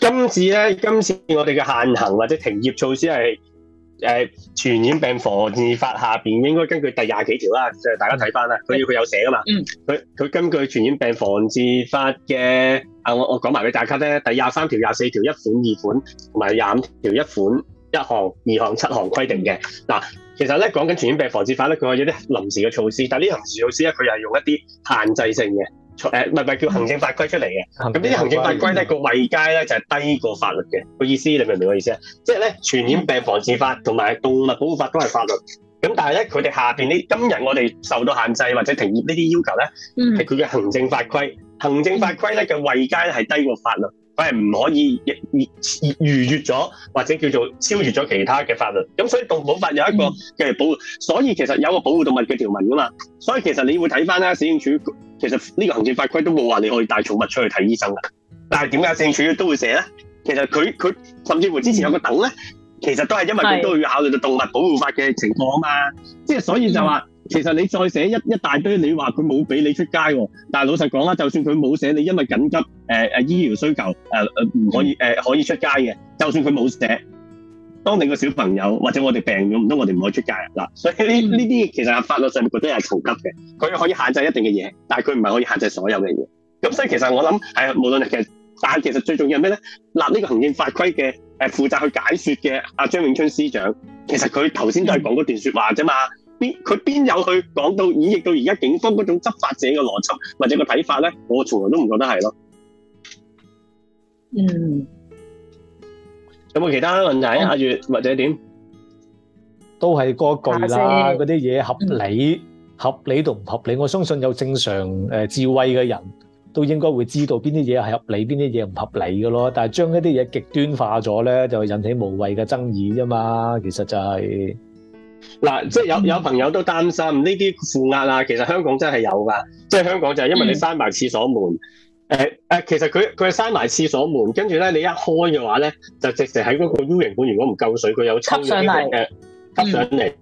今次咧，今次我哋嘅限行或者停業措施係，誒、呃，傳染病防治法下邊應該根據第廿幾條啦，即係大家睇翻啦，佢、嗯、要佢有寫噶嘛，嗯，佢佢根據傳染病防治法嘅，啊，我我講埋俾大家咧，第廿三條、廿四條一款、二款，同埋廿五條一款、一項、二項、七項規定嘅，嗱，其實咧講緊傳染病防治法咧，佢話有啲臨時嘅措施，但這呢臨時措施咧，佢係用一啲限制性嘅。誒、呃，唔係唔係叫行政法規出嚟嘅，咁呢啲行政法規咧個位階咧就係、是、低過法律嘅個、嗯、意思，你明唔明我意思啊？即係咧傳染病防治法同埋動物保護法都係法律，咁但係咧佢哋下邊呢今日我哋受到限制或者停業呢啲要求咧，係佢嘅行政法規，行政法規咧嘅位階咧係低過法律。佢係唔可以逾越咗，或者叫做超越咗其他嘅法律。咁所以動物法有一個嘅保護、嗯，所以其實有個保護動物嘅條文㗎嘛。所以其實你會睇返啦，市政署其實呢個行政法規都冇話你可以帶寵物出去睇醫生㗎。但係點解市政署都會寫咧？其實佢佢甚至乎之前有個等咧，其實都係因為佢都要考慮到動物保護法嘅情況啊嘛。即係所以就話、是。嗯其實你再寫一,一大堆，你話佢冇俾你出街，哦，但係老實講啦，就算佢冇寫，你因為緊急誒誒、呃、醫療需求誒唔、呃、可以、呃、可以出街嘅，就算佢冇寫，當你個小朋友或者我哋病咗，唔通我哋唔可以出街啊？所以呢呢啲其實法律上面覺得係嘈急嘅，佢可以限制一定嘅嘢，但係佢唔係可以限制所有嘅嘢。咁所以其實我諗係啊，無論其實，但其實最重要係咩呢？立呢個行政法規嘅誒，負責去解說嘅阿張永春司長，其實佢頭先都係講嗰段說話啫嘛。邊佢邊有去講到演繹到而家警方嗰種執法者嘅邏輯或者佢睇法咧，我從來都唔覺得係咯。嗯，有冇其他問題？阿、嗯、月或者點都係嗰句啦，嗰啲嘢合理、嗯、合理同唔合理，我相信有正常誒、呃、智慧嘅人都應該會知道邊啲嘢係合理，邊啲嘢唔合理嘅咯。但係將呢啲嘢極端化咗咧，就引起無謂嘅爭議啫嘛。其實就係、是。嗱，即係有有朋友都擔心呢啲、嗯、負壓啊，其實香港真係有㗎，即係香港就係因為你閂埋廁所門，誒、嗯、誒、呃，其實佢佢閂埋廁所門，跟住咧你一開嘅話咧，就直直喺嗰個 U 型管如果唔夠水，佢有抽上嚟嘅，吸、嗯、上嚟。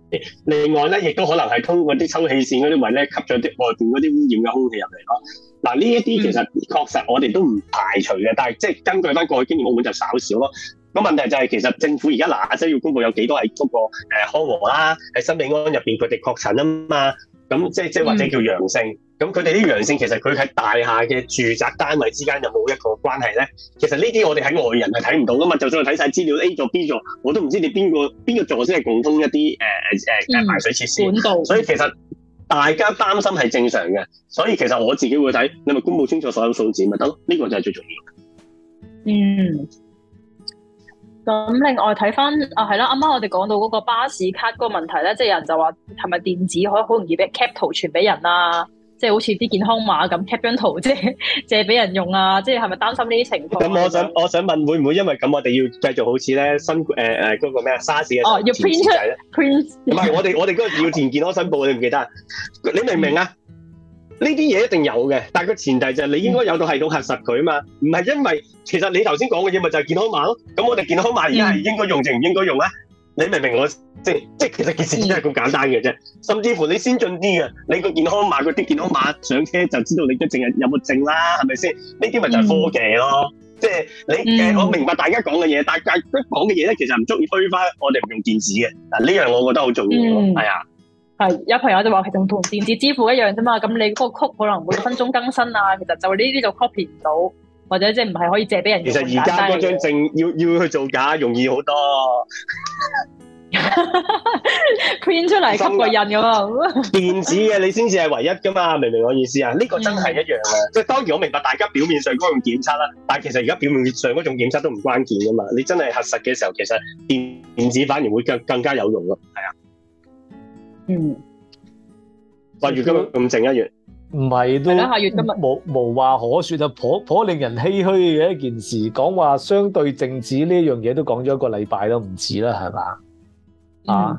另外咧，亦都可能係通過啲抽氣線嗰啲位咧，吸咗啲外邊嗰啲污染嘅空氣入嚟咯。嗱，呢一啲其實確實我哋都唔排除嘅、嗯，但係即係根據翻過去的經驗，澳門就少少咯。個問題就係其實政府而家嗱下，需要公佈有幾多係嗰個、呃、康和啦，喺新美安入邊佢哋確診啊嘛，咁即即或者叫陽性，咁佢哋啲陽性其實佢喺大廈嘅住宅單位之間沒有冇一個關係咧？其實呢啲我哋喺外人係睇唔到噶嘛，就算我睇晒資料 A 座 B 座，我都唔知你邊個邊個座先係共通一啲誒誒誒排水設施、嗯，所以其實大家擔心係正常嘅，所以其實我自己會睇，你咪公佈清楚所有數字咪得咯，呢個就係最重要。嗯。咁、嗯、另外睇翻啊，係啦，啱啱我哋講到嗰個巴士卡嗰個問題咧，即係有人就話係咪電子可以好容易俾 cap 圖傳俾人啊？即係好似啲健康碼咁 cap 張圖借借俾人用啊？即係係咪擔心呢啲情況，啊？咁我想我想問，會唔會因為咁，我哋要繼續好似咧新誒誒嗰個咩啊 SARS 嘅？哦、啊，要 print 出，print 唔係我哋我哋嗰個要填健康申報， 你唔記得啊，你明唔明啊？ 呢啲嘢一定有嘅，但係個前提就係你應該有套系統核實佢啊嘛。唔、嗯、係因為其實你頭先講嘅嘢咪就係健康碼咯。咁我哋健康碼而家係應該用定唔應該用咧、嗯？你明唔明我即係即係其實件事都係咁簡單嘅啫、嗯。甚至乎你先進啲嘅，你個健康碼嗰啲健康碼上車就知道你都淨係有冇證啦，係咪先？呢啲咪就係科技咯。嗯、即係你、呃嗯、我明白大家講嘅嘢，大家講嘅嘢咧其實唔足以推翻我哋唔用電子嘅。嗱呢樣我覺得好重要咯，啊、嗯。係有朋友就話其實同電子支付一樣啫嘛，咁你個曲可能會分鐘更新啊，其實就呢啲就 copy 唔到，或者即係唔係可以借俾人用。其實而家嗰張證要要去做假容易好多，print 出嚟吸個印噶嘛、嗯。電子嘅、啊、你先至係唯一噶嘛，明唔明我意思啊？呢、呢個真係一樣嘅、啊，即、嗯、係當然我明白大家表面上嗰種檢測啦，但係其實而家表面上嗰種檢測都唔關鍵噶嘛，你真係核實嘅時候，其實電子反而會更更加有用咯，係啊。八月今日咁靜一月，唔係都下月今日無無話可說，就頗頗令人唏噓嘅一件事，講話相對靜止呢樣嘢都講咗一個禮拜都唔止啦，係嘛啊？嗯、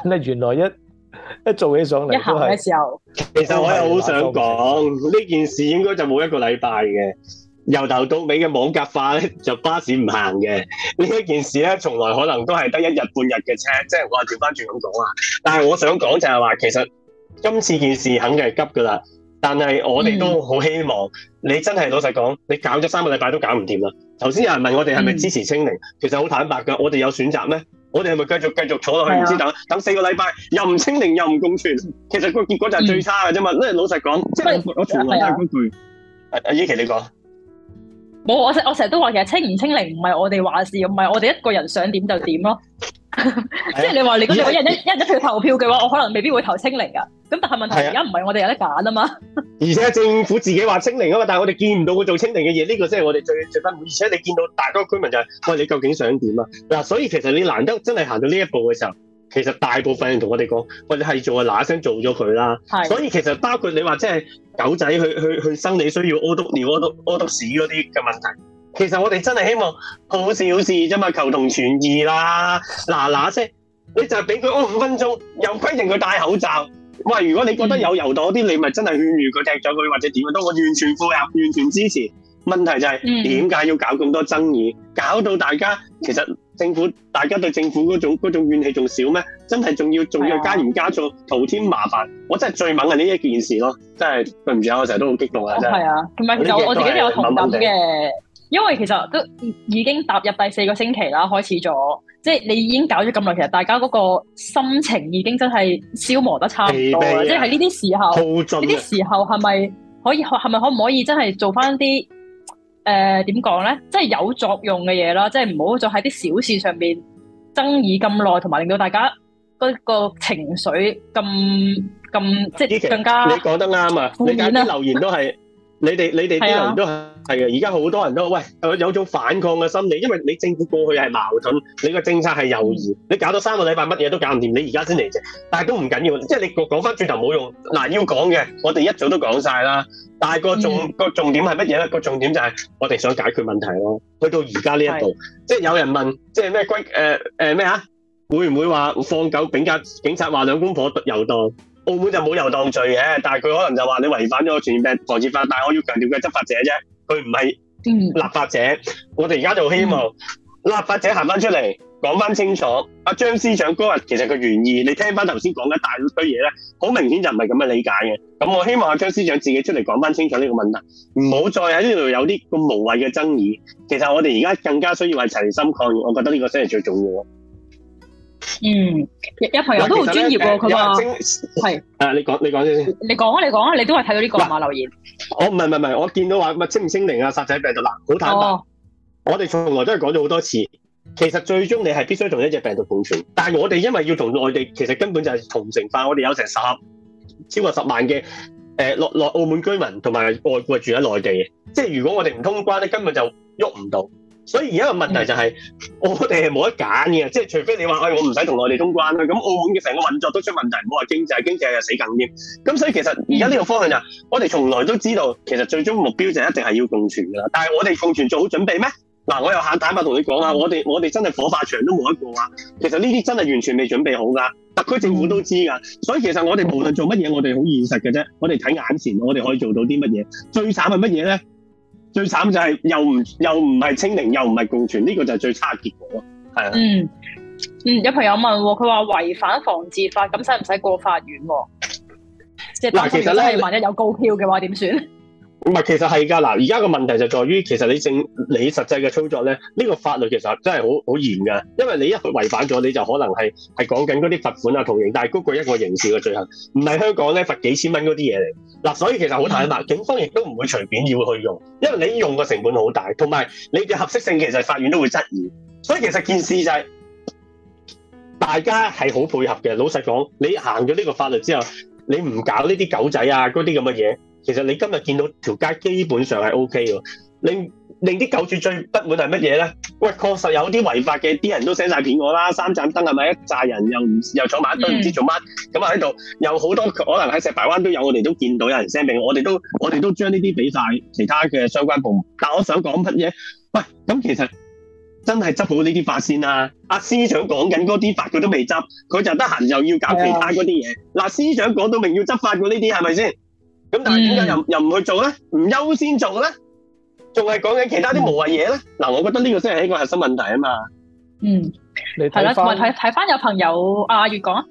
但係原來一一做起上嚟嘅時候，其實我又好想講呢件事，應該就冇一個禮拜嘅。由頭到尾嘅網格化咧，就巴士唔行嘅呢一件事咧，從來可能都係得一日半日嘅車。即係我係調翻轉咁講啊。但係我想講就係話，其實今次件事肯定係急㗎啦。但係我哋都好希望、嗯、你真係老實講，你搞咗三個禮拜都搞唔掂啦。頭先有人問我哋係咪支持清零，嗯、其實好坦白㗎。我哋有選擇咩？我哋係咪繼續繼續坐落去，唔、啊、知等等四個禮拜又唔清零又唔共存，其實個結果就係最差㗎啫嘛。即係老實講，即係我重複下嗰句。阿、啊啊、依琪，你講。冇，我成我成日都話其實清唔清零唔係我哋話事，唔係我哋一個人想點就點咯。即 係你話你一人一一人一票投票嘅話，我可能未必會投清零噶。咁但係問題而家唔係我哋有得揀啊嘛。而且政府自己話清零啊嘛，但係我哋見唔到佢做清零嘅嘢，呢、這個即係我哋最最不滿。而且你見到大多居民就係、是，喂，你究竟想點啊？嗱，所以其實你難得真係行到呢一步嘅時候。其實大部分人同我哋講，或者係做啊嗱聲做咗佢啦，所以其實包括你話即係狗仔去去去生理需要屙督尿屙督屙督屎嗰啲嘅問題，其實我哋真係希望好事好事啫嘛，求同存異啦，嗱嗱聲，你就係俾佢屙五分鐘，又規定佢戴口罩。喂，如果你覺得有油朵啲，你咪真係勸喻佢踢咗佢或者點樣都，我完全配合，完全支持。問題就係點解要搞咁多爭議，搞到大家其實。政府，大家對政府嗰種，嗰種怨氣仲少咩？真係仲要仲要加鹽加醋，徒添、啊、麻煩。我真係最猛嘅呢一件事咯，真係對唔住啊！我成日都好激動、哦、啊！真係啊，同埋其實我，我，我自己都有同感嘅，因為其實都已經踏入第四個星期啦，開始咗，即、就、係、是、你已經搞咗咁耐，其實大家嗰個心情已經真係消磨得差唔多啦。即係呢啲時候，呢啲時候係咪可以？係咪可唔可以真係做翻啲？誒點講咧？即係有作用嘅嘢囉，即係唔好再喺啲小事上面爭議咁耐，同埋令到大家嗰個情緒咁咁即係更加。你講得啱啊！你而家啲留言都係。你哋你哋啲人都係係嘅，而家好多人都喂，有有種反抗嘅心理，因為你政府過去係矛盾，你個政策係猶豫，你搞到三個禮拜乜嘢都搞唔掂，你而家先嚟啫。但係都唔緊要，即係你講翻轉頭冇用。嗱，要講嘅，我哋一早都講晒啦。但係個重個重點係乜嘢咧？個重點就係我哋想解決問題咯。去到而家呢一步，即係有人問，即係咩歸誒誒咩啊？會唔會話放狗？警察警察話兩公婆遊蕩。澳門就冇遊蕩罪嘅，但係佢可能就話你違反咗個傳染病防治法，但係我要強調佢係執法者啫，佢唔係立法者。我哋而家就希望立法者行翻出嚟講翻清楚。阿張司長嗰日其實個原意，你聽翻頭先講緊大堆嘢咧，好明顯就唔係咁嘅理解嘅。咁我希望阿張司長自己出嚟講翻清楚呢個問題，唔好再喺呢度有啲咁無謂嘅爭議。其實我哋而家更加需要係齊心抗疫，我覺得呢個先係最重要。嗯，有朋友都好專業噶，佢話係。誒，你講你講先，你講啊，你講啊，你都係睇到呢個馬留言。我唔係唔係唔係，我見到話咪清唔清零啊？殺仔病毒嗱，好坦白。哦、我哋從來都係講咗好多次，其實最終你係必須同一隻病毒共存。但係我哋因為要同內地，其實根本就係同城化。我哋有成十超過十萬嘅、誒內內澳門居民同埋外雇住喺內地嘅，即係如果我哋唔通關咧，根本就喐唔到。所以而家個問題就係，我哋係冇得揀嘅，即係除非你話，唉、哎，我唔使同內地通關啦，咁澳門嘅成個運作都出問題，唔好話經濟，經濟又死梗添。咁所以其實而家呢個方向就是嗯，我哋從來都知道，其實最終目標就一定係要共存噶啦。但係我哋共存做好準備咩？嗱，我又肯坦白同你講啊，我哋、嗯、我哋真係火化場都冇一個啊。其實呢啲真係完全未準備好噶，特區政府都知噶。所以其實我哋無論做乜嘢，我哋好現實嘅啫。我哋睇眼前，我哋可以做到啲乜嘢？最慘係乜嘢咧？最慘就係又唔，又唔係清零，又唔係共存，呢個就係最差結果咯，係啊。嗯嗯，有朋友問，佢話違反防治法，咁使唔使過法院？即係嗱，其實咧，萬一有高票嘅話點算？ 唔係，其實係噶嗱。而家個問題就在於，其實你正你實際嘅操作咧，呢個法律其實真係好好嚴噶。因為你一去違反咗，你就可能係係講緊嗰啲罰款啊、徒刑，但係嗰個一個刑事嘅罪行，唔係香港咧罰幾千蚊嗰啲嘢嚟。嗱，所以其實好坦白，警方亦都唔會隨便要去用，因為你用個成本好大，同埋你嘅合適性，其實法院都會質疑。所以其實件事就係大家係好配合嘅。老實講，你行咗呢個法律之後，你唔搞呢啲狗仔啊，嗰啲咁嘅嘢。其實你今日見到條街基本上係 O K 嘅，令令啲狗主最不滿係乜嘢咧？喂，確實有啲違法嘅，啲人都 send 晒片我啦。三盞燈係咪一紮人又唔又坐埋一堆，唔知做乜咁啊？喺度有好多可能喺石排灣都有，我哋都見到有人 send 俾我，我哋都我哋都將呢啲俾晒其他嘅相關部門。但我想講乜嘢？喂，咁其實真係執好呢啲法先啦。阿司長講緊嗰啲法佢都未執，佢就得閒又要搞其他嗰啲嘢。嗱，司長講到明要執法過呢啲係咪先？是不是咁但係點解又又唔去做咧？唔優先做咧？仲係講緊其他啲無謂嘢咧？嗱，我覺得呢個先係一個核心問題啊嘛。嗯，你睇啦，同埋睇睇翻有朋友阿月講啊。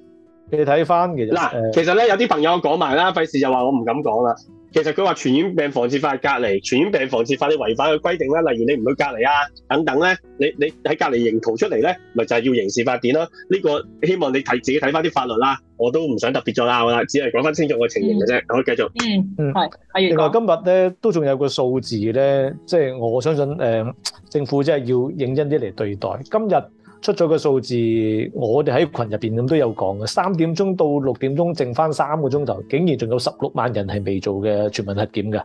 你睇翻其實嗱，其實咧有啲朋友我講埋啦，費事就話我唔敢講啦。其實佢話傳染病防治法係隔離，傳染病防治法你違反嘅規定咧，例如你唔去隔離啊，等等咧，你你喺隔離營逃出嚟咧，咪就係要刑事法典咯。呢、這個希望你睇自己睇翻啲法律啦。我都唔想特別再鬧啦，只係講翻清楚個情形嘅啫。我、嗯、繼續。嗯嗯係。另外今日咧都仲有個數字咧，即、就、係、是、我相信誒、呃、政府真係要認真啲嚟對待。今日。出咗個數字，我哋喺群入面咁都有講嘅，三點鐘到六點鐘，剩返三個鐘頭，竟然仲有十六萬人係未做嘅全民核檢㗎。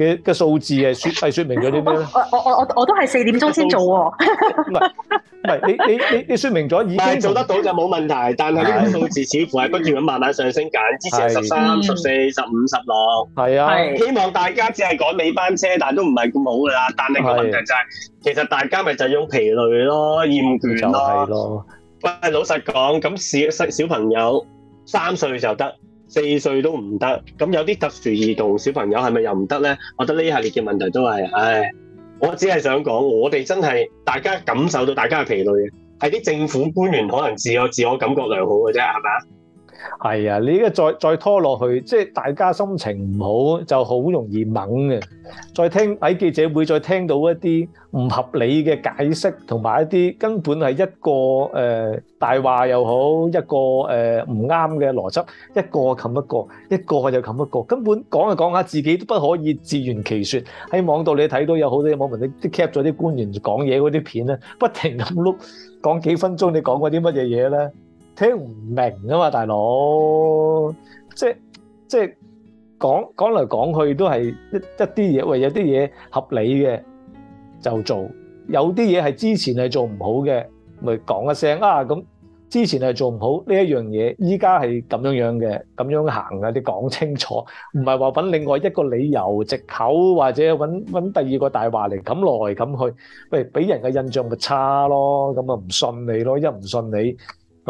嘅嘅數字誒説係説明咗啲咩咧？我我我我都係四點鐘先做喎、啊。唔係唔係，你你你你説明咗已經做得到就冇問題，但係呢個數字似乎係不斷咁慢慢上升緊，之前十三、十、嗯、四、十五、十六、啊，係啊，希望大家只係趕尾班車，但都唔係咁好噶啦。但係個問題就係、是，其實大家咪就係用疲累咯、厭倦咯。喂、就是，老實講，咁小細小朋友三歲就得，四歲都唔得，咁有啲特殊兒童小朋友係咪又唔得呢？我覺得呢一系列嘅問題都係，唉，我只係想講，我哋真係大家感受到大家嘅疲累嘅，係啲政府官員可能自我自我感覺良好嘅啫，係咪？係、哎、啊，你依家再再拖落去，即係大家心情唔好，就好容易掹嘅。再聽喺記者會，再聽到一啲唔合理嘅解釋，同埋一啲根本係一個誒大話又好，一個誒唔啱嘅邏輯，一個冚一個，一個就冚一,一,一個，根本講就講下，自己都不可以自圓其說。喺網度你睇到有好多網民，你即 cap 咗啲官員講嘢嗰啲片咧，不停咁碌講幾分鐘，你講過啲乜嘢嘢咧？聽唔明啊嘛，大佬，即係即係講講嚟講去都係一一啲嘢，喂，有啲嘢合理嘅就做，有啲嘢係之前係做唔好嘅，咪講一聲啊咁，之前係做唔好呢一樣嘢，依家係咁樣樣嘅，咁樣行啊，你講清楚，唔係話揾另外一個理由、藉口或者揾揾第二個大話嚟咁來咁去，喂，俾人嘅印象咪差咯，咁啊唔信你咯，一唔信你。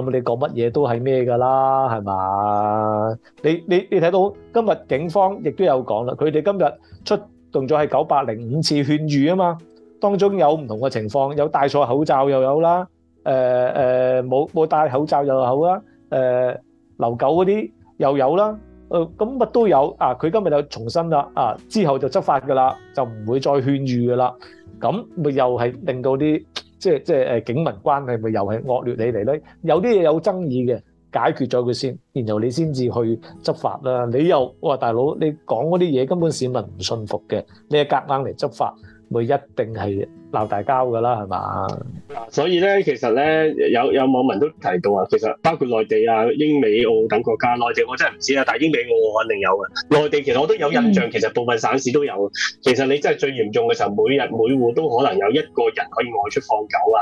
咁你講乜嘢都係咩㗎啦，係嘛？你你你睇到今日警方亦都有講啦，佢哋今日出動咗係九百零五次勸喻啊嘛，當中有唔同嘅情況，有戴錯口罩又有啦，誒誒冇冇戴口罩又有啦，誒留狗嗰啲又有啦，誒咁乜都有啊！佢今日就重申啦，啊之後就執法㗎啦，就唔會再勸喻㗎啦，咁咪又係令到啲。即係即係誒警民關係咪又係惡劣起嚟咧，有啲嘢有爭議嘅，解決咗佢先，然後你先至去執法啦。你又話大佬，你講嗰啲嘢根本市民唔信服嘅，你係夾硬嚟執法，咪一定係。鬧大交噶啦，係嘛？所以咧，其實咧，有有網民都提到啊，其實包括內地啊、英美澳等國家，內地我真係唔知啊，但係英美澳我肯定有嘅。內地其實我都有印象，嗯，其實部分省市都有。其實你真係最嚴重嘅時候，每日每戶都可能有一個人可以外出放狗啊。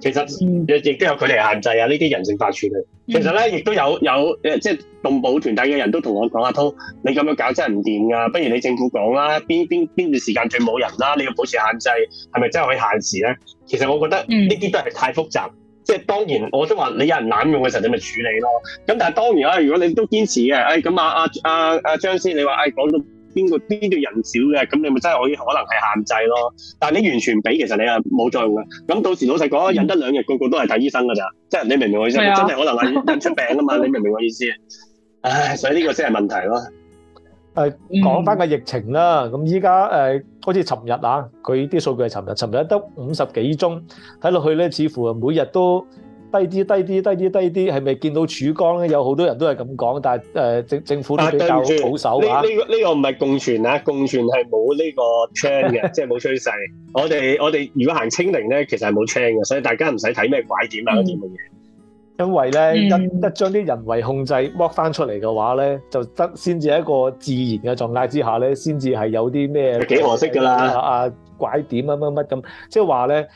其實亦都有距離限制啊，呢啲人性化處理。其實咧，亦都有有誒，即係動保團體嘅人都同我講阿濤，你咁樣搞真係唔掂噶，不如你政府講啦，啊，邊邊邊段時間最冇人啦，啊，你要保持限制，係咪真係？限時咧，其實我覺得呢啲都係太複雜，嗯、即係當然我都話你有人濫用嘅時候，你咪處理咯。咁但係當然啦、哎，如果你都堅持嘅，哎咁啊啊啊啊張師，你話哎講到邊個邊叫人少嘅，咁你咪真係可以可能係限制咯。但係你完全俾，其實你係、啊、冇作用嘅。咁到時老實講、啊，忍得兩日，個個都係睇醫生㗎咋，即係你明唔明我意思？啊、真係可能係忍出病啊嘛， 你明唔明我意思？唉，所以呢個先係問題咯。誒講翻個疫情啦，咁依家誒好似尋日啊，佢啲數據係尋日，尋日得五十幾宗，睇落去咧，似乎每日都低啲、低啲、低啲、低啲，係咪見到曙光咧？有好多人都係咁講，但係政政府都比較保守啊。呢呢個呢個唔係共存啊，共存係冇呢個 trend 嘅，即係冇趨勢。我哋我哋如果行清零咧，其實係冇 trend 嘅，所以大家唔使睇咩拐點啊啲咁嘅嘢。嗯因為咧因得將啲人為控制剝翻出嚟嘅話咧，就得先至係一個自然嘅狀態之下咧，先至係有啲咩幾何式㗎啦，啊拐點乜乜乜咁，即係話咧，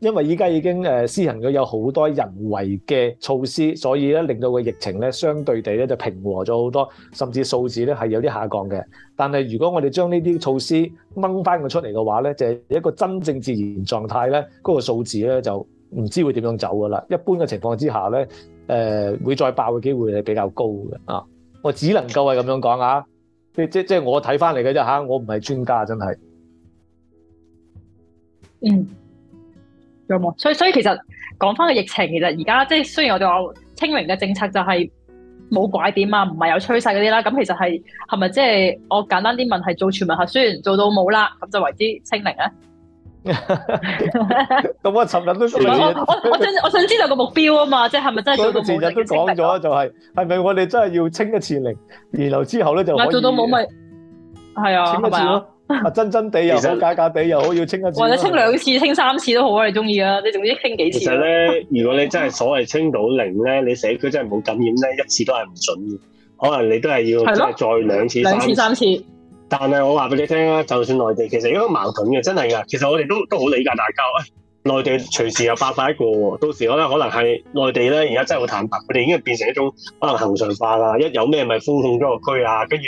因為依家已經誒施行咗有好多人為嘅措施，所以咧令到個疫情咧相對地咧就平和咗好多，甚至數字咧係有啲下降嘅。但係如果我哋將呢啲措施掹翻佢出嚟嘅話咧，就係、是、一個真正自然狀態咧，嗰、那個數字咧就。唔知會點樣走噶啦？一般嘅情況之下咧，誒、呃、會再爆嘅機會係比較高嘅啊！我只能夠係咁樣講啊！即即即係我睇翻嚟嘅啫嚇，我唔係專家，真係。嗯，有冇？所以所以其實講翻個疫情，其實而家即雖然我哋話清零嘅政策就係冇拐點啊，唔係有趨勢嗰啲啦。咁其實係係咪即我簡單啲問，係做全民核酸做到冇啦，咁就為之清零咧、啊？咁我尋日都講嘢， 我我想我想知道個目標啊嘛，即係係咪真係？前就是、是是我前日都講咗，就係係咪我哋真係要清一次零，然後之後咧就我做到冇乜，係啊，明啊。真真地又好，假假地又好，要清一次零。或者清兩次、清三次都好啊，你中意啊，你總之清幾次。其實咧，如果你真係所謂清到零咧，你社區真係冇感染咧，一次都係唔準嘅。可能你都係要再兩次、啊、次、兩次、三次。但係我話俾你聽啦，就算內地其實一個矛盾嘅，真係㗎。其實我哋都都好理解大家。內地隨時有八百個，到時我覺得可能係內地咧，而家真係好坦白，佢哋已經變成一種可能恒常化啊。一有咩咪封控咗個區啊，跟住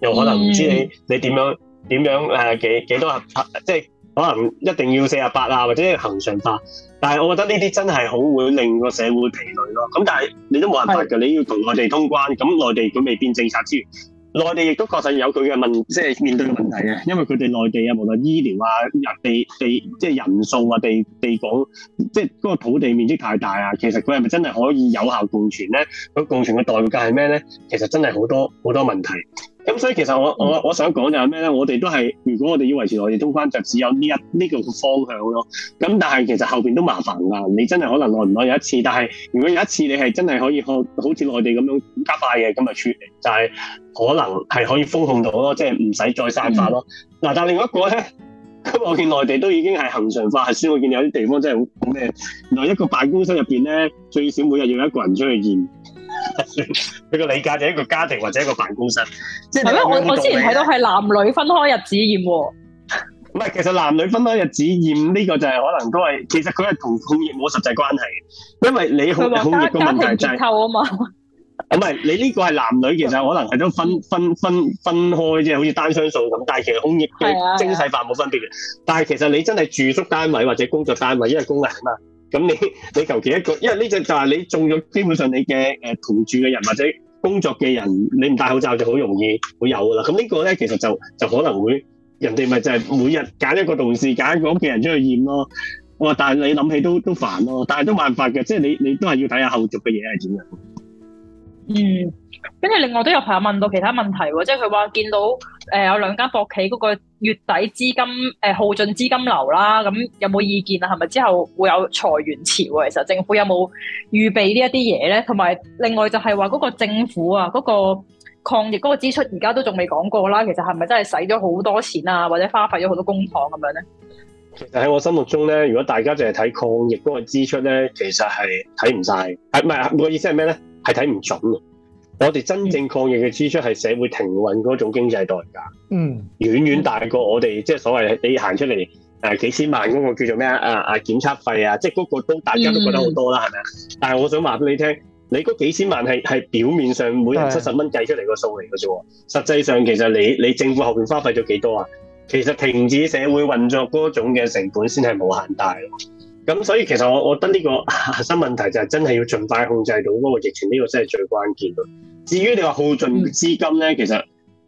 又又可能唔知道你、嗯、你點樣點樣誒、啊、幾幾多核？即係可能一定要四十八啊，或者恒常化。但係我覺得呢啲真係好會令個社會疲累咯、啊。咁但係你都冇辦法㗎，你要同內地通關，咁內地佢未變政策之餘。內地亦都確實有佢嘅問，即係面對嘅問題，因為佢哋內地啊，無論醫療啊、人地地，即係人數啊、地地廣，即係嗰個土地面積太大啊！其實佢係咪真係可以有效共存咧？佢共存嘅代價係咩呢？其實真係好多好多問題。咁所以其實我我我想講就係咩咧？我哋都係，如果我哋要維持內地通關，就只有呢一呢、呢個方向咯。咁但係其實後邊都麻煩啦，你真係可能耐唔耐有一次，但係如果有一次你係真係可以好似內地咁樣加快嘅，咁啊處理就係、就是、可能係可以封控到咯，即係唔使再散發咯。嗱、嗯啊，但係另外一個咧，我見內地都已經係恒常化核酸，我見有啲地方真係好咩，原來一個辦公室入邊咧最少每日要一個人出去驗。 你個理解就係一個家庭或者一個辦公室，係咩？我我之前睇到係男女分開日子驗，唔係，其實男女分開日子驗呢、呢個就係可能都係，其實佢係同控疫冇實際關係，因為你佢個家、就是、家庭結構啊嘛，唔係，你呢個係男女其實可能係都分分分分開即係好似單雙數咁，但係其實控疫嘅精細化冇分別嘅、啊啊，但係其實你真係住宿單位或者工作單位，因為工人啊嘛。咁你你求其一個，因為呢隻就係你中咗，基本上你嘅誒、呃、同住嘅人或者工作嘅人，你唔戴口罩就好容易會有噶啦。咁呢個咧其實就就可能會人哋咪就係每日揀一個同事揀一個屋企人出去驗咯。我話但係你諗起都都煩咯，但係都辦法嘅，即係你你都係要睇下後續嘅嘢係點樣。嗯，跟住另外都有朋友問到其他問題，即係佢話見到。誒、呃、有兩間博企嗰個月底資金誒耗盡資金流啦，咁有冇意見啊？係咪之後會有裁員潮的？其實政府有冇預備呢一啲嘢咧？同埋另外就係話嗰個政府啊，嗰、那個抗疫嗰個支出而家都仲未講過啦。其實係咪真係使咗好多錢啊？或者花費咗好多公帑咁樣咧？其實喺我心目中咧，如果大家淨係睇抗疫嗰個支出咧，其實係睇唔晒，唔係啊！我意思係咩咧？係睇唔準我哋真正抗疫嘅支出係社會停運嗰種經濟代價，嗯，遠遠大過我哋即係所謂你行出嚟誒幾千萬嗰個叫做咩啊啊啊檢測費啊，即係嗰個都大家都覺得好多啦，係咪啊？但係我想話俾你聽，你嗰幾千萬係係表面上每人七十蚊計出嚟個數嚟嘅啫，實際上其實你你政府後邊花費咗幾多啊？其實停止社會運作嗰種嘅成本先係無限大咯。咁所以其實我我得呢、這個核心、啊、問題就係真係要盡快控制到嗰個疫情呢、這個真係最關鍵咯。至於你話耗盡資金咧、嗯，其實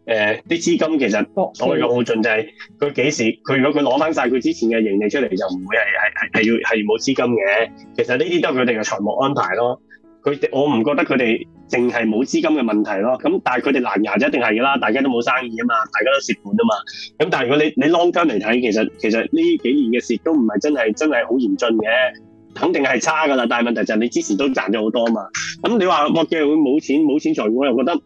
誒啲、欸、資金其實所謂嘅耗盡就係佢幾時佢如果佢攞翻晒佢之前嘅盈利出嚟，就唔會係係係要冇資金嘅。其實呢啲都係佢哋嘅財務安排咯。我唔覺得佢哋淨係冇資金嘅問題囉。咁但係佢哋藍牙就一定係㗎啦，大家都冇生意啊嘛，大家都蝕本啊嘛。咁但係如果你你 long term 嚟睇，其實其實呢幾年嘅蝕都唔係真係真係好嚴峻嘅，肯定係差㗎啦。但係問題就係你之前都賺咗好多嘛，咁你話莫記會冇錢冇錢財，我又覺得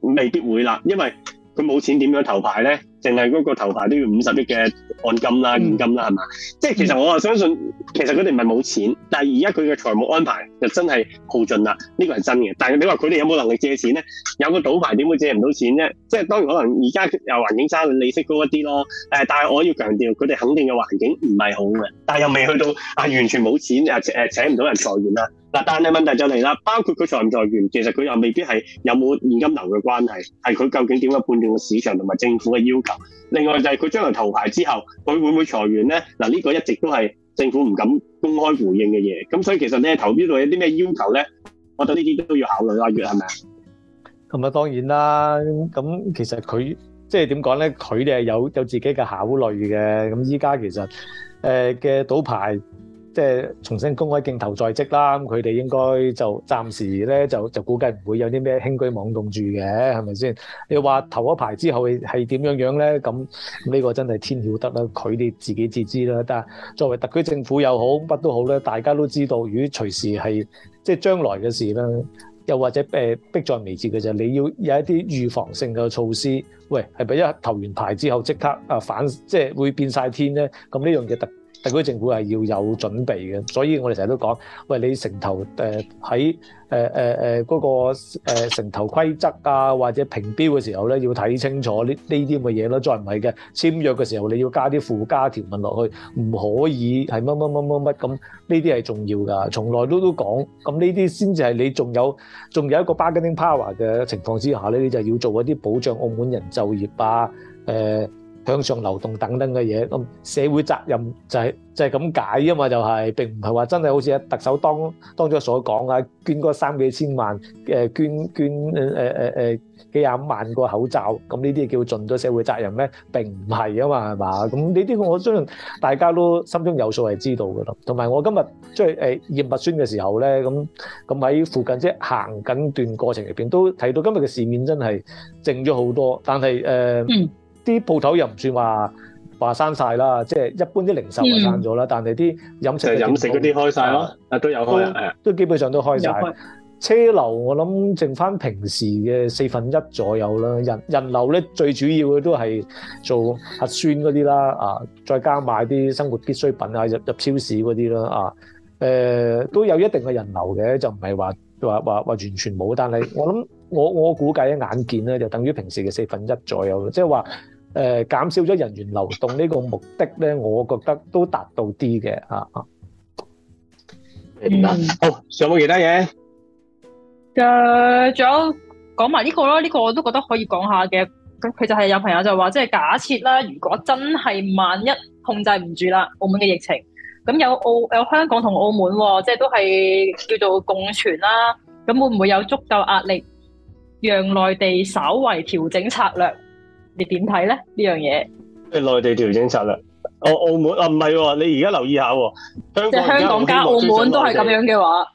未必會啦，因為佢冇錢點樣投牌呢？淨係嗰個投牌都要五十億嘅。按金啦，現金啦，係、嗯、嘛？即係其實我啊相信，其實佢哋唔係冇錢，嗯、但係而家佢嘅財務安排就真係耗盡啦。呢、呢個係真嘅。但係你話佢哋有冇能力借錢咧？有個賭牌點會借唔到錢啫？即係當然可能而家又環境差，利息高一啲咯。誒、呃，但係我要強調，佢哋肯定嘅環境唔係好嘅。但係又未去到啊完全冇錢，誒、啊、誒請唔到人裁員啦。嗱，但係問題就嚟、是、啦，包括佢裁唔裁員，其實佢又未必係有冇現金流嘅關係，係佢究竟點樣判斷個市場同埋政府嘅要求？另外就係佢將來投牌之後。佢會唔會裁員咧？嗱、啊，呢、這個一直都係政府唔敢公開回應嘅嘢。咁所以其實你喺投標度有啲咩要求咧？我覺得呢啲都要考慮啦。月係咪啊？同埋當然啦。咁其實佢即係點講咧？佢哋係有有自己嘅考慮嘅。咁依家其實誒嘅賭牌。即係重新公開競投在即啦，咁佢哋應該就暫時咧就就估計唔會有啲咩輕舉妄動住嘅，係咪先？你話投咗牌之後係係點樣樣咧？咁呢個真係天曉得啦，佢哋自己自知啦。但係作為特區政府又好，乜都好咧，大家都知道，如果隨時係即係將來嘅事啦。又或者誒迫在眉睫嘅就，你要有一啲預防性嘅措施。喂，係咪一投完牌之後即刻啊反即係會變晒天咧？咁呢樣嘢特。特區政府係要有準備嘅，所以我哋成日都講，喂，你城投誒喺誒誒誒嗰個城投規則啊，或者評標嘅時候咧，要睇清楚呢呢啲咁嘅嘢咯。再唔係嘅簽約嘅時候，你要加啲附加條文落去，唔可以係乜乜乜乜乜咁。呢啲係重要㗎，從來都都講。咁呢啲先至係你仲有仲有一個 bargaining power 嘅情況之下咧，你就要做一啲保障澳門人就業啊，呃向上流動等等嘅嘢，咁社會責任就係就係咁解啊嘛，就係並唔係話真係好似啊特首當當咗所講啊捐嗰三幾千萬誒捐捐誒誒誒幾廿萬個口罩，咁呢啲叫盡咗社會責任咩？並唔係啊嘛，係嘛？咁呢啲我相信大家都心中有數係知道嘅咯。同埋我今日即係誒葉麥孫嘅時候咧，咁咁喺附近即係行緊段過程入邊都睇到今日嘅市面真係靜咗好多，但係誒。啲鋪頭又唔算話話閂晒啦，即係一般啲零售就閂咗啦，但係啲飲食、就是、飲食嗰啲開晒咯，啊都有開都，都基本上都開晒。車流我諗剩翻平時嘅四分一左右啦。人人流咧最主要嘅都係做核酸嗰啲啦，啊，再加買啲生活必需品啊，入入超市嗰啲啦，啊，誒、啊呃、都有一定嘅人流嘅，就唔係話話話話完全冇，但係我諗我我估計一眼見咧就等於平時嘅四分一左右，即係話。誒、呃、減少咗人員流動呢個目的咧，我覺得都達到啲嘅嚇。好，上冇其他嘢，就、呃、仲有講埋呢個啦。呢、呢個我都覺得可以講下嘅。咁佢就係有朋友就話，即係假設啦，如果真係萬一控制唔住啦，澳門嘅疫情，咁有澳有香港同澳門喎、喔，即係都係叫做共存啦。咁會唔會有足夠壓力，讓內地稍為調整策略？你點睇咧呢樣嘢？係內地調整策略，澳澳門 啊，唔係喎。你而家留意一下喎，香港加澳門都係咁樣嘅話。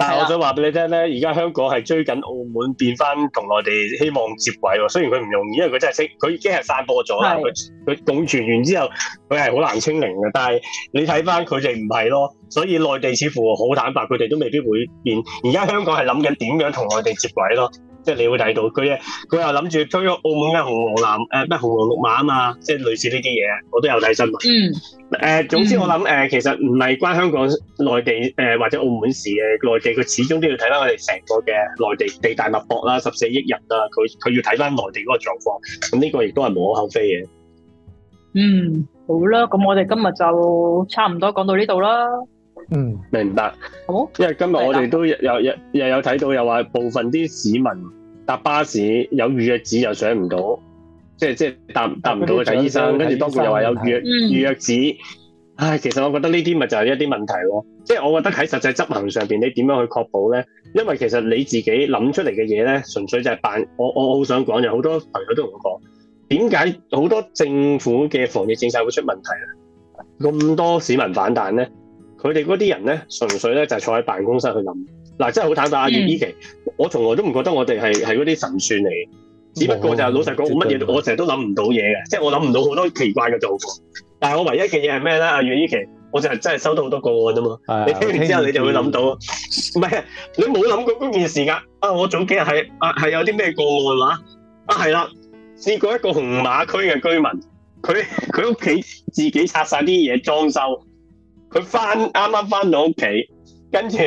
但係、啊、我想話俾你聽咧，而家香港係追緊澳門變翻同內地希望接軌喎。雖然佢唔容易，因為佢真係識，佢已經係散播咗啦。佢佢共存完之後，佢係好難清零嘅。但係你睇翻佢哋唔係咯，所以內地似乎好坦白，佢哋都未必會變。而家香港係諗緊點樣同內地接軌咯。即係你會睇到佢啊！佢又諗住推咗澳門嘅紅黃藍誒咩、呃、紅黃綠馬啊嘛！即係類似呢啲嘢，我都有睇新聞。嗯誒、呃，總之我諗誒、嗯呃，其實唔係關香港、內地誒、呃、或者澳門事嘅，內地佢始終都要睇翻我哋成個嘅內地地大物博啦，十四億人啦，佢佢要睇翻內地嗰個狀況。咁呢個亦都係無可厚非嘅。嗯，好啦，咁我哋今日就差唔多講到呢度啦。嗯，明白。好，因為今日我哋都有有又有睇到，又話部分啲市民。搭巴士有預約紙又上唔到，即係即係搭搭唔到啊！睇醫生，跟住當佢又話有預約、嗯、預約紙，唉，其實我覺得呢啲咪就係一啲問題喎。即係我覺得喺實際執行上邊，你點樣去確保咧？因為其實你自己諗出嚟嘅嘢咧，純粹就係扮我我好想講，有好多朋友都同我講，點解好多政府嘅防疫政策會出問題咧？咁多市民反彈咧，佢哋嗰啲人咧，純粹咧就係坐喺辦公室去諗。嗱，真係好坦白，阿袁依琪，我從來都唔覺得我哋係係嗰啲神算嚟，只不過就係老實講，乜嘢都我成日都諗唔到嘢嘅，即、嗯、係、就是、我諗唔到好多奇怪嘅狀況。但係我唯一嘅嘢係咩咧？阿袁依琪，我就係真係收到好多個案啫嘛。你聽完之後你就會諗到，唔係你冇諗過嗰件事㗎！我早幾日係啊係有啲咩個案話啊係啦，試過一個紅馬區嘅居民，佢佢屋企自己拆晒啲嘢裝修，佢翻啱啱翻到屋企，跟住，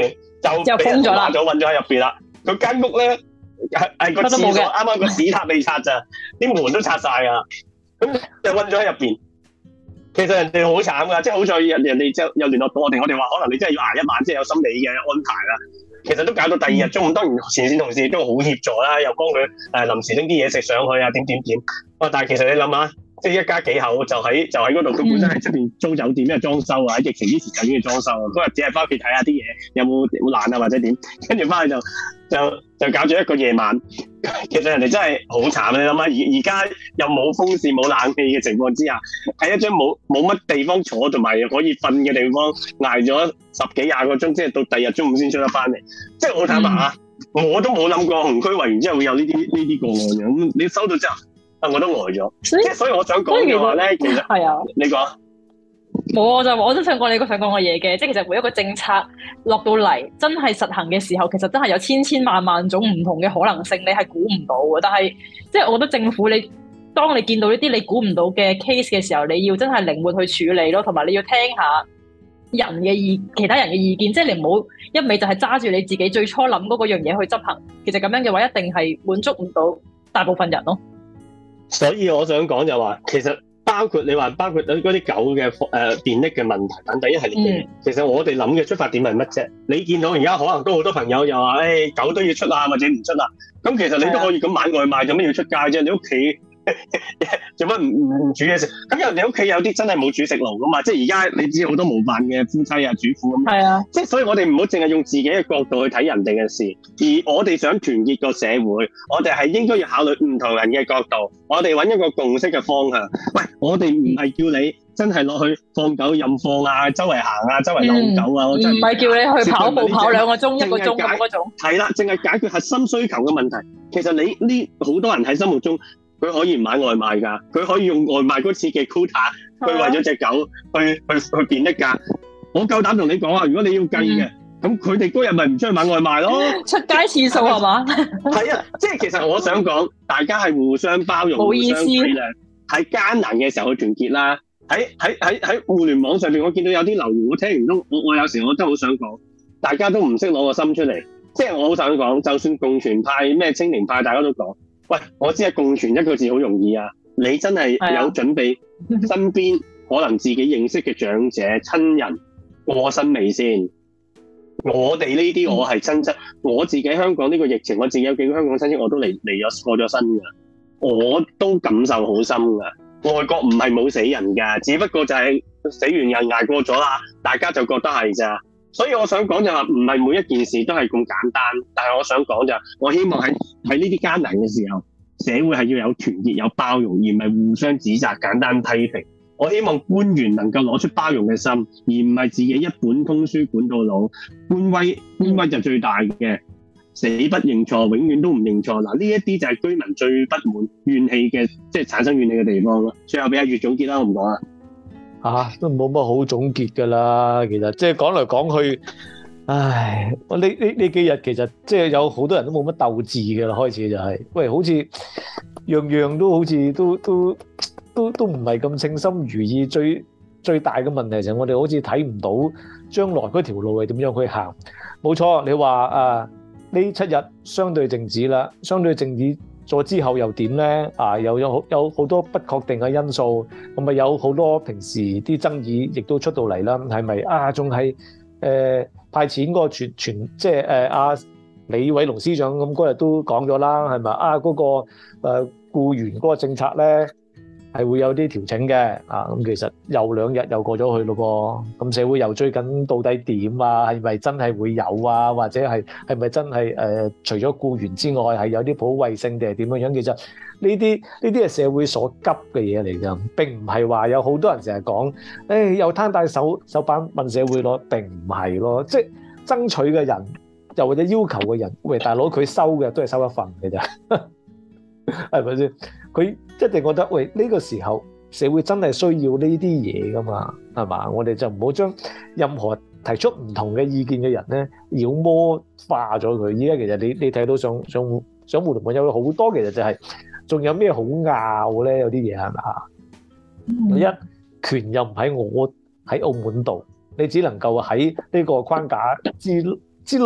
就封咗啦，就困咗喺入邊啦。佢間屋咧係係個廁所，啱啱個屎塔未拆咋，啲 門都拆晒啊。咁就困咗喺入邊。其實人哋好慘噶，即係好彩人人哋即係又聯絡到我哋，我哋話可能你真係要捱一晚，即係有心理嘅安排啦。其實都搞到第二日中午，當然前線同事都好協助啦，又幫佢誒臨時拎啲嘢食上去啊，點點點。哇！但係其實你諗下。即係一家幾口就喺就喺嗰度，佢、嗯、本身喺出面租酒店，因為裝修啊，喺疫情之前緊要裝修，啊。嗰 日只係翻屋企睇下啲嘢，有冇爛啊或者點？跟住翻去就就就搞咗一個夜晚。其實人哋真係好慘，你諗下，而而家又冇風扇冇冷氣嘅情況之下，喺一張冇冇乜地方坐同埋又可以瞓嘅地方，挨咗十幾廿個鐘，即係到第二日中午先出得翻嚟。即係好坦白啊、嗯，我都冇諗過紅區圍完之後會有呢啲呢啲個案，咁你收到之後，我都呆咗，所以我想講嘅話咧，其實係啊你講，說，說你講冇啊，就話我都想講你想講嘅嘢嘅，即係其實每一個政策落到嚟，真係實行嘅時候，其實真係有千千萬萬種唔同嘅可能性，你係估唔到嘅。但係即係我覺得政府你當你見到呢啲你估唔到嘅 case 嘅時候，你要真係靈活去處理咯，同埋你要聽下人嘅意，其他人嘅意見，即係你唔好一味就係揸住你自己最初諗嗰個樣嘢去執行。其實咁樣嘅話，一定係滿足唔到大部分人咯。所以我想講就話，其實包括你話，包括嗰啲狗嘅誒、呃、便溺嘅問題等等一系列嘅，其實我哋諗嘅出發點係乜啫？你見到而家可能都好多朋友又話，誒、哎、狗都要出啊，或者唔出啊，咁其實你都可以咁買外賣，做乜要出街啫？你屋企。做乜唔唔煮嘢食？咁人哋屋企有啲真係冇煮食爐噶嘛？即係而家你知好多無飯嘅夫妻啊，主婦咁、啊，係啊，即係所以我哋唔好淨係用自己嘅角度去睇人哋嘅事，而我哋想團結個社會，我哋係應該要考慮唔同人嘅角度，我哋搵一個共識嘅方向。喂，我哋唔係叫你真係落去放狗任放啊，周圍行啊，周圍遛狗啊，嗯、我真係唔係叫你去跑步跑兩個鐘一個鐘嗰種係啦，淨係解決核心需求嘅問題。其實你呢好多人喺心目中。佢可以唔買外賣㗎，佢可以用外賣嗰次嘅 quota，佢為咗隻狗去、啊、去去、去變得㗎。我夠膽同你講啊，如果你要計嘅，咁佢哋嗰日咪唔出去買外賣咯？出街次數係嘛？係 啊，即係其實我想講，大家係互相包容、 互相體躍諒，喺 艱難嘅時候去團結啦。喺喺喺喺互聯網上面，我見到有啲留言，我聽唔到。我我有時候我都好想講，大家都唔識攞個心出嚟。即係我好想講，就算共存派、咩青年派，大家都講。喂，我知係共存一個字好容易啊！你真係有準備，身邊可能自己認識嘅長者、 親人過身未先？我哋呢啲我係親戚、嗯，我自己香港呢個疫情，我自己有幾個香港親戚我都嚟嚟咗過咗身㗎，我都感受好深㗎。外國唔係冇死人㗎，只不過就係死完人捱過咗啦，大家就覺得係咋。所以我想講就話唔係每一件事都係咁簡單，但係我想講就，我希望喺喺呢啲艱難嘅時候，社會係要有團結、有包容，而唔係互相指責、簡單批評。我希望官員能夠攞出包容嘅心，而唔係自己一本通書管到老。官威官威就最大嘅，死不認錯，永遠都唔認錯。嗱，呢一啲就係居民最不滿、怨氣嘅，即係產生怨氣嘅地方咯。最後俾阿月總結啦，我唔講啦。嚇、啊，都冇乜好總結㗎啦，其實即係講來講去，唉，我呢呢呢幾日其實即係有好多人都冇乜鬥志㗎啦，開始就係、是，喂，好似樣樣都好似都都都都唔係咁稱心如意，最最大嘅問題就係我哋好似睇唔到將來嗰條路係點樣去行。冇錯，你話啊，呢七日相對靜止啦，相對靜止。再之後又點咧？啊，又有好有好多不確定嘅因素，咁咪有好多平時啲爭議亦都出到嚟啦。係咪啊？仲係誒派錢嗰個全全，即係誒阿李偉龍司長咁嗰日都講咗啦，係咪啊？嗰個誒僱員嗰個政策咧？係會有啲調整嘅，啊咁其實又兩日又過咗去咯噃，咁社會又追緊到底點啊？係咪真係會有啊？或者係係咪真係誒，除咗僱員之外，係有啲普惠性定係點樣樣？其實呢啲呢啲係社會所急嘅嘢嚟㗎，並唔係話有好多人成日講，誒又攤大手手板問社會咯，並唔係咯，即係爭取嘅人，又或者要求嘅人，喂大佬佢收嘅都係收一份㗎啫。係咪先？佢一定覺得喂，呢、這個時候社會真係需要呢啲嘢噶嘛，係嘛？我哋就唔好將任何提出唔同嘅意見嘅人咧，妖魔化咗佢。依家其實你你睇到想上上互聯網有好多，其實就係、是、仲有咩好拗咧？有啲嘢係嘛？第一權又唔喺我喺澳門度，你只能夠喺呢個框架之之內。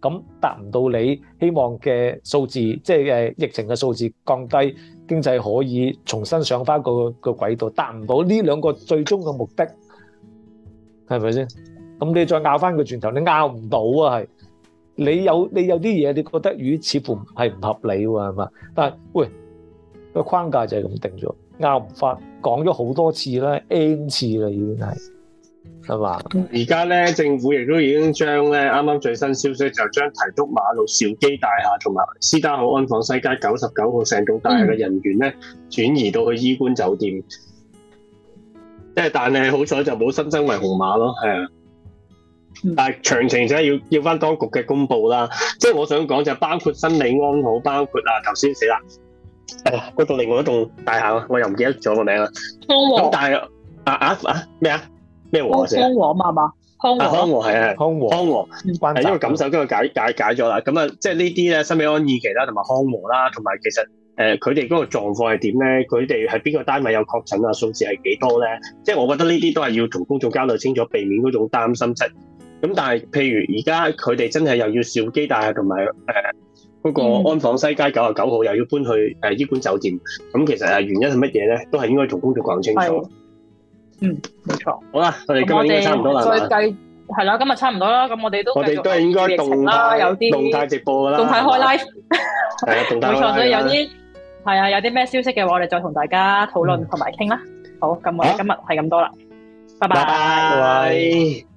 咁達唔到你希望嘅數字，即係誒疫情嘅數字降低，經濟可以重新上翻個個軌道，達唔到呢兩個最終嘅目的，係咪先？咁你再拗翻個轉頭，你拗唔到啊！係，你有你有啲嘢，你覺得與似乎係唔合理喎，係嘛？但係喂，個框架就係咁定咗，拗唔翻，講咗好多次啦，N 次啦已經係。係嘛，而家咧，政府亦都已經將咧啱啱，最新消息，就將提督馬路兆基大廈同埋私家好安房西街九十九號成棟大廈嘅人員咧，轉、嗯、移到去衣冠酒店。即係、嗯，但係好彩就冇新增為紅碼咯，係啊。但係詳情就係要要翻當局嘅公布啦。即係我想講就包括心理安好，包括啊頭先死啦，嗰度另外一棟大廈，我又唔記得咗個名啦。咁、嗯、但係啊啊啊咩啊？啊啊咩旺康和啊嘛嘛，康和係啊係，康和，和，係因為感受跟佢解解解咗啦。咁、嗯、啊，即係呢啲咧，新美安二期啦，同埋康和啦，同埋其實誒，佢哋嗰個狀況係點咧？佢哋喺邊個單位有確診啊？數字係幾多咧？即係我覺得呢啲都係要同公眾交代清楚，避免嗰種擔心出。咁但係，譬如而家佢哋真係又要小基大廈，同埋誒嗰個安房西街九啊九號又要搬去誒、呃、醫觀酒店。咁其實誒原因係乜嘢咧？都係應該同公眾講清楚。嗯，冇錯。好啦，我哋今日差唔多啦。再計係啦，今日差唔多啦。咁我哋都我哋都係應該動態，有啲動態直播噶啦，動態開 live。係啊，動態。冇錯，所以有啲係啊，有啲咩消息嘅話，我哋再同大家討論同埋傾啦。好，咁我哋今日係咁多啦，拜拜，拜拜。